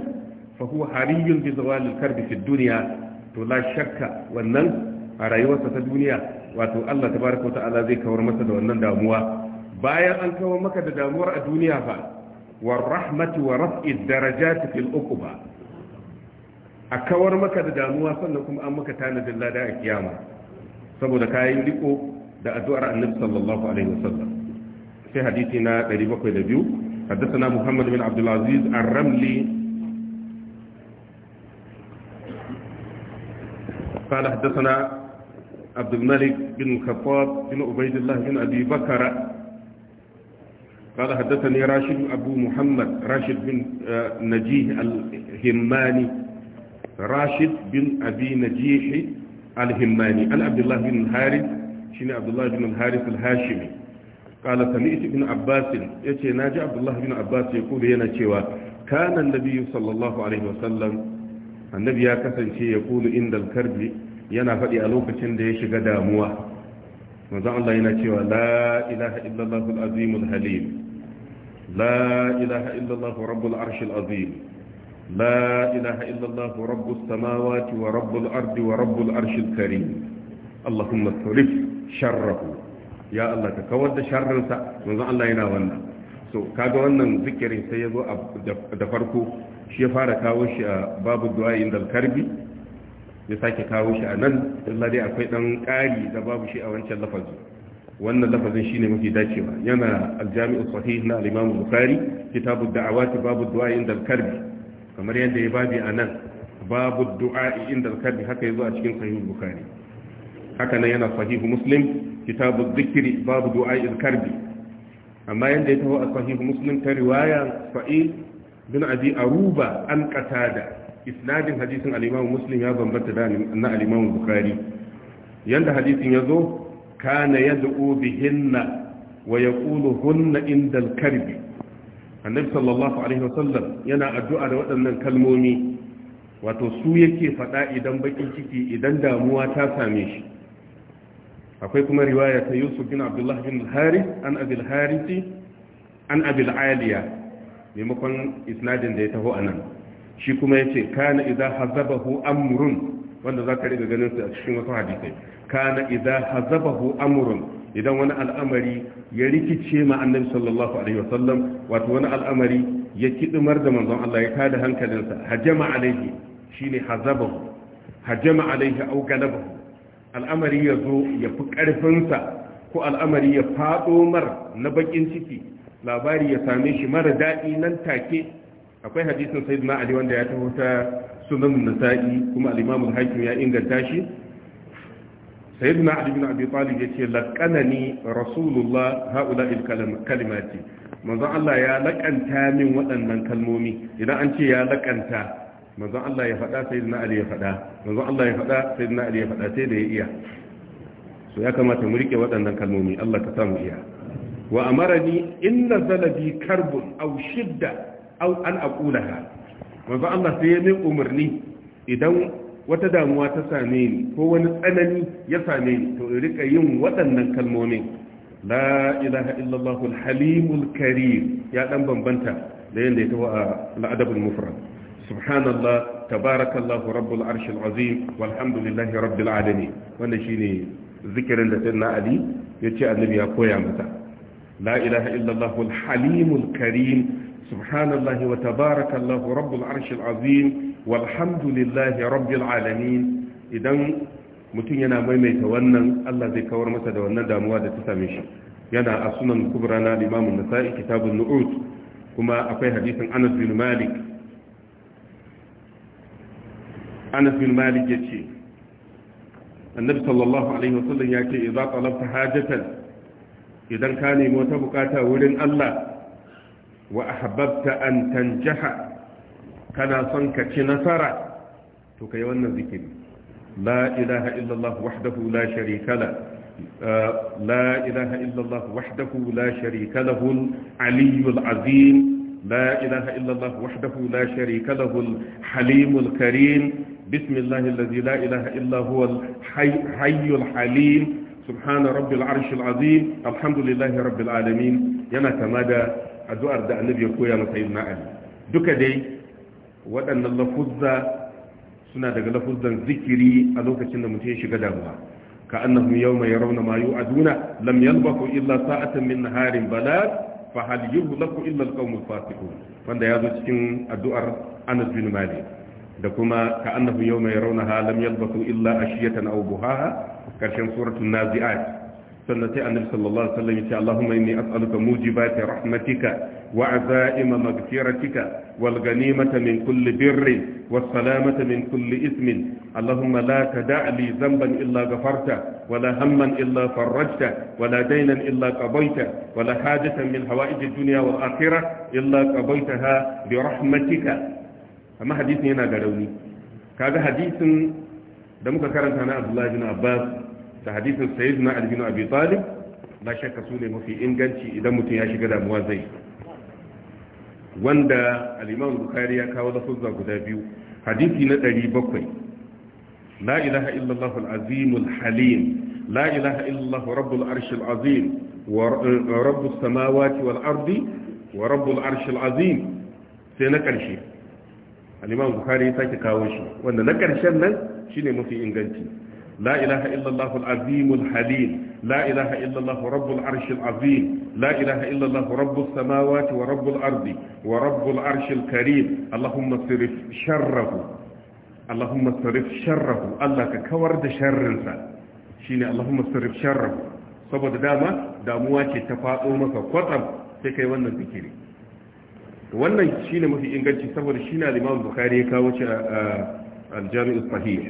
fa huwa hariyun bi zawalil karbi fi duniya to la shakka wannan a rayuwarsa ta duniya wato Allah tabaraka wa ta'ala zai kawar masa da wannan damuwa bayan an kawo maka da damuwar a duniya fa والرحمة ورفع الدرجات في الأقبة أكور مكة داموا سنكم أمك تاند الله دا أكياما سبو دكا يلقوا دا أدوار النبي صلى الله عليه وسلم في حديثنا قريبا كوي دبيو حدثنا محمد بن عبد العزيز الرملي قال حدثنا عبد الملك بن الخطاب بن عبيد الله بن أبي بكر قال حدثني راشد أبو محمد راشد بن نجيح الهماني راشد بن أبي نجيح الهماني أنا عبد الله بن الحارث شين عبد الله بن الحارث الهاشمي قال سمعت ابن عباس يتي ناجي عبد الله بن عباس يقول هنا تشوا كان النبي صلى الله عليه وسلم النبي يا كسن يقول عند الكرب yana faɗi a lokacin da ya shiga damuwa manzon Allah yana cewa la ilaha illallah al-azim al-halim la ilaha illallah rabbul arsh al-azim la ilaha illallah rabbus samawati wa rabbul ardi wa rabbul arsh al-karim Allahumma sarif sharrahu ya Allah ka kawar da sa manzon Allah yana wannan so kaga wannan zikirin sai ya da farko shi ya fara kawo shi a babu du'a inda karbi ya sake kawo shi a nan illa dai akwai dan ƙari da babu shi a wancan lafazi wannan lafazin shine mafi dacewa yana aljami'u sahih na al-imam bukhari kitabu da'awati babu du'a inda al-karbi kamar yadda ya babi a nan babu du'a inda al-karbi haka yazo a cikin sahih bukhari haka nan yana sahih muslim kitabu dhikri babu du'a al-karbi amma yadda ya taho a sahih muslim ta riwaya sa'id bin abi aruba an qatada isnadin hadisin al-Imam Muslim ya bambanta da na al-Imam Bukhari yanda hadisin yazo kana yad'u bihinna wa yaqulu hunna inda al-karbi annabi sallallahu alaihi wasallam yana addu'a da waɗannan kalmomi wato su yake faɗa idan bakin ciki idan damuwa ta same shi akwai kuma riwaya ta Yusuf bin Abdullah bin Harith an Abil Harithi an Abil Aliya maimakon isnadin da ya taho anan shi kuma yace kana idza hazabahu amrun wanda zaka riga ganin su a cikin wasu hadisai kana idza hazabahu amrun idan wani al'amari ya rikice ma annabi sallallahu alaihi wasallam wato wani al'amari ya kidumar da manzon Allah ya kada hankalinsa hajama alaihi shine hazabahu hajama alaihi au galabahu al'amari ya zo ya fi karfinsa ko al'amari ya fado mar na bakin ciki labari ya same shi mara daɗi nan take akwai hadisin sayyidina ali wanda ya taho ta sunan nasa'i kuma al-imam al-hakim ya inganta shi sayyidina ali bin abi talib yace laqanani rasulullah haula al-kalimati manzo Allah ya lakanta min waɗannan kalmomi idan an ce ya lakanta manzo Allah ya faɗa sayyidina ali ya faɗa manzo Allah ya faɗa sayyidina ali ya faɗa sai da ya iya so ya kamata mu rike waɗannan kalmomi Allah ka samu iya wa amarani in nazala bi karbun aw shidda au an aqulaha manzo Allah sai ya min umarni idan wata damuwa ta same ni ko wani tsanani ya same ni to in rika yin waɗannan kalmomin la ilaha illallah alhalimul karim ya dan bambanta da yanda ya tawo a al'adabul mufrad subhanallah tabarakallah rabbul arshil azim walhamdulillahi rabbil alamin wannan shine zikirin da sayyidina ali yace annabi ya koya mata la ilaha illallah alhalimul karim سبحان الله وتبارك الله رب العرش العظيم والحمد لله رب العالمين idan mutum yana maimaita wannan Allah zai kawar masa da wannan damuwa da ta same shi yana a sunan kubra na limamun nasa'i kitabun nu'ud kuma akwai hadisin Anas bin Malik Anas bin Malik yace Annabi sallallahu alaihi wasallam yake idza talabta hajatan idan ka nemi wata bukata wurin Allah واحببت ان تنجح كنا صنكك نصر توكي وانا ذكر لا اله الا الله وحده لا شريك له آه، لا اله الا الله وحده لا شريك له العلي العظيم لا اله الا الله وحده لا شريك له الحليم الكريم بسم الله الذي لا اله الا هو الحي الحليم سبحان رب العرش العظيم الحمد لله رب العالمين يا متمدد addu'ar da annabi ya koya masa yin ali duka dai waɗannan lafuzza suna daga lafuzzan zikiri a lokacin da mutum ya shiga damuwa ka annahum yawma rauna ma aduna lam yalbaku illa sa'atan min harin balad fa hal yuhlaku illa alqawmul fasiqun wanda ya zo cikin addu'ar Anas bin Malik da kuma ka annahu yawma ha lam yalbasu illa ashiyatan aw buhaha karshen suratul nazi'at sannan sai annabi sallallahu alaihi wasallam yace Allahumma inni as'aluka mujibati rahmatika wa azaima maghfiratika wal ghanimata min kulli birrin was salamata min kulli ismin Allahumma la tada' li dhanban illa ghafarta wa la hamman illa farajta wa la daynan illa qadayta wa la hajatan min hawa'ij ad-dunya wal akhirah illa qadaytaha bi rahmatika amma hadisin yana da rauni kaga hadisin da muka karanta na Abdullah bin Abbas da hadisin sayyidina na bin Abi Talib la shakka su ne mafi inganci idan mutum ya shiga damuwa zai wanda al-Imam Bukhari ya kawo lafuzza guda biyu hadisi na 700 la ilaha illallah al-azim al-halim la ilaha illallah rabbul arsh al-azim wa eh, rabbus samawati wal ardi wa rabbul arsh al-azim sai na karshe al-Imam Bukhari ya sake kawo shi wanda na karshen nan shine mafi inganci لا إله إلا الله العظيم الحليم لا إله إلا الله رب العرش العظيم لا إله إلا الله رب السماوات ورب الأرض ورب العرش الكريم اللهم صرف شره اللهم صرف شره الله ككور ده شر شيني اللهم صرف شره صبت داما داموا كي تفاقوا مسا قطب تكي وانا ذكري وانا شيني ما في إنجلتي صبت شيني الإمام البخاري كاوش الجامع الصحيح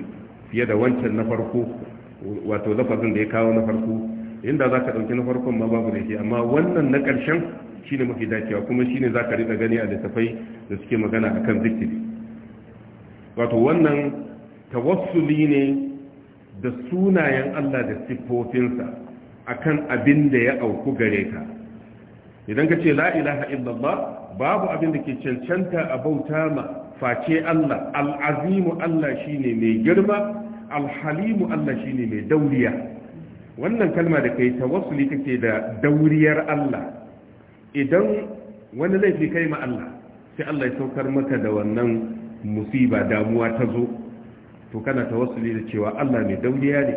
fiye da wancan na farko wato lafazin da ya kawo na farko inda za ka ɗauki na farkon ma babu da shi amma wannan na ƙarshen shi ne mafi dacewa kuma shi ne za ka riɗa gani a littafai da suke magana a kan zikiri wato wannan tawassuli ne da sunayen allah da siffofinsa a kan abin da ya auku gare ka idan ka ce la ilaha illallah babu abin da ke cancanta a bauta ma face Allah al'azimu Allah shine mai girma alhalimu Allah shine mai dauriya wannan kalma da kai tawassuli kake da dauriyar Allah idan wani laifi kai ma Allah sai Allah ya saukar maka da wannan musiba damuwa ta zo to kana tawassuli da cewa Allah mai dauriya ne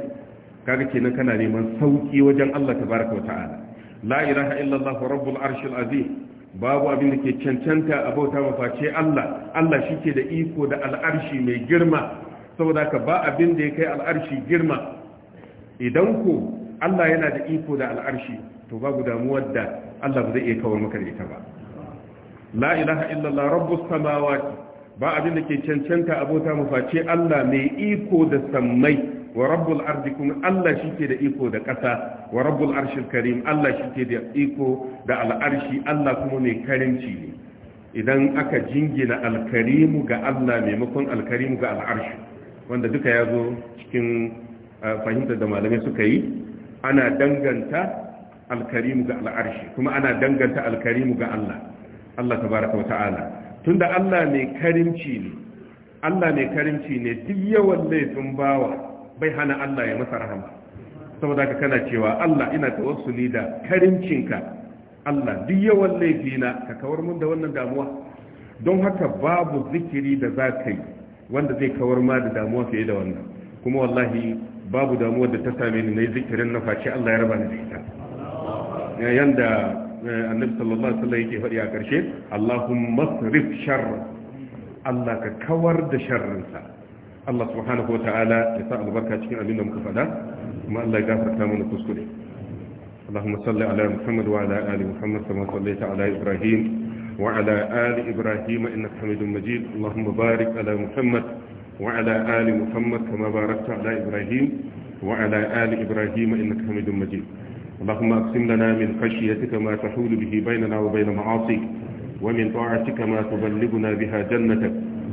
kaga kenan kana neman sauki wajen Allah tabaraka wa ta'ala la ilaha illallah rabbul arshil azim babu abin da ke cancanta a bauta maface Allah Allah shi ke da iko da al'arshi mai girma saboda ka ba abin da ya kai al'arshi girma idan ko Allah yana da iko da al'arshi to babu damuwar da Allah ba zai iya kawar maka da ita ba la ilaha illallah rabbus samawati ba abin da ke cancanta a bauta maface Allah mai iko da sammai wa rabbul ardi kuma Allah ke da iko da ƙasa wa rabbul arshil karim Allah ke da iko da al'arshi Allah kuma mai karimci ne idan aka jingina alkarimu ga Allah maimakon alkarimu ga al'arshi wanda duka ya zo cikin fahimtar da malamai suka yi ana danganta alkarimu ga al'arshi kuma ana danganta alkarimu ga Allah Allah tabaraka wa ta'ala tunda Allah mai karimci ne Allah mai karimci ne duk yawan laifin bawa bai hana Allah ya masa rahama saboda ka kana cewa Allah ina tawassuli da karincinka Allah duk yawan laifina ka kawar mun da wannan damuwa don haka babu zikiri da za ka yi wanda zai kawar ma da damuwa fiye da wannan kuma wallahi babu damuwa da ta same ni na yi zikirin na face Allah ya raba ni da ita yanda eh, annabi sallallahu alaihi wasallam yake faɗi a karshe Allahumma masrif sharr Allah ka kawar da sharrinsa Allah subhanahu wata'ala ya sa albarka cikin abin da muka faɗa kuma Allah ya gafarta mana kuskure Allahumma salli ala Muhammad wa ala ali Muhammad kama sallaita ala Ibrahim wa ala ali Ibrahim innaka Hamidum Majid Allahumma barik ala Muhammad wa ala ali Muhammad kama barakta ala Ibrahim wa ala ali Ibrahim innaka Hamidum Majid Allahumma aqsim lana min khashyatika ma tahulu bihi bainana wa bain ma'asik wa min ta'atika ma tuballighuna biha jannatak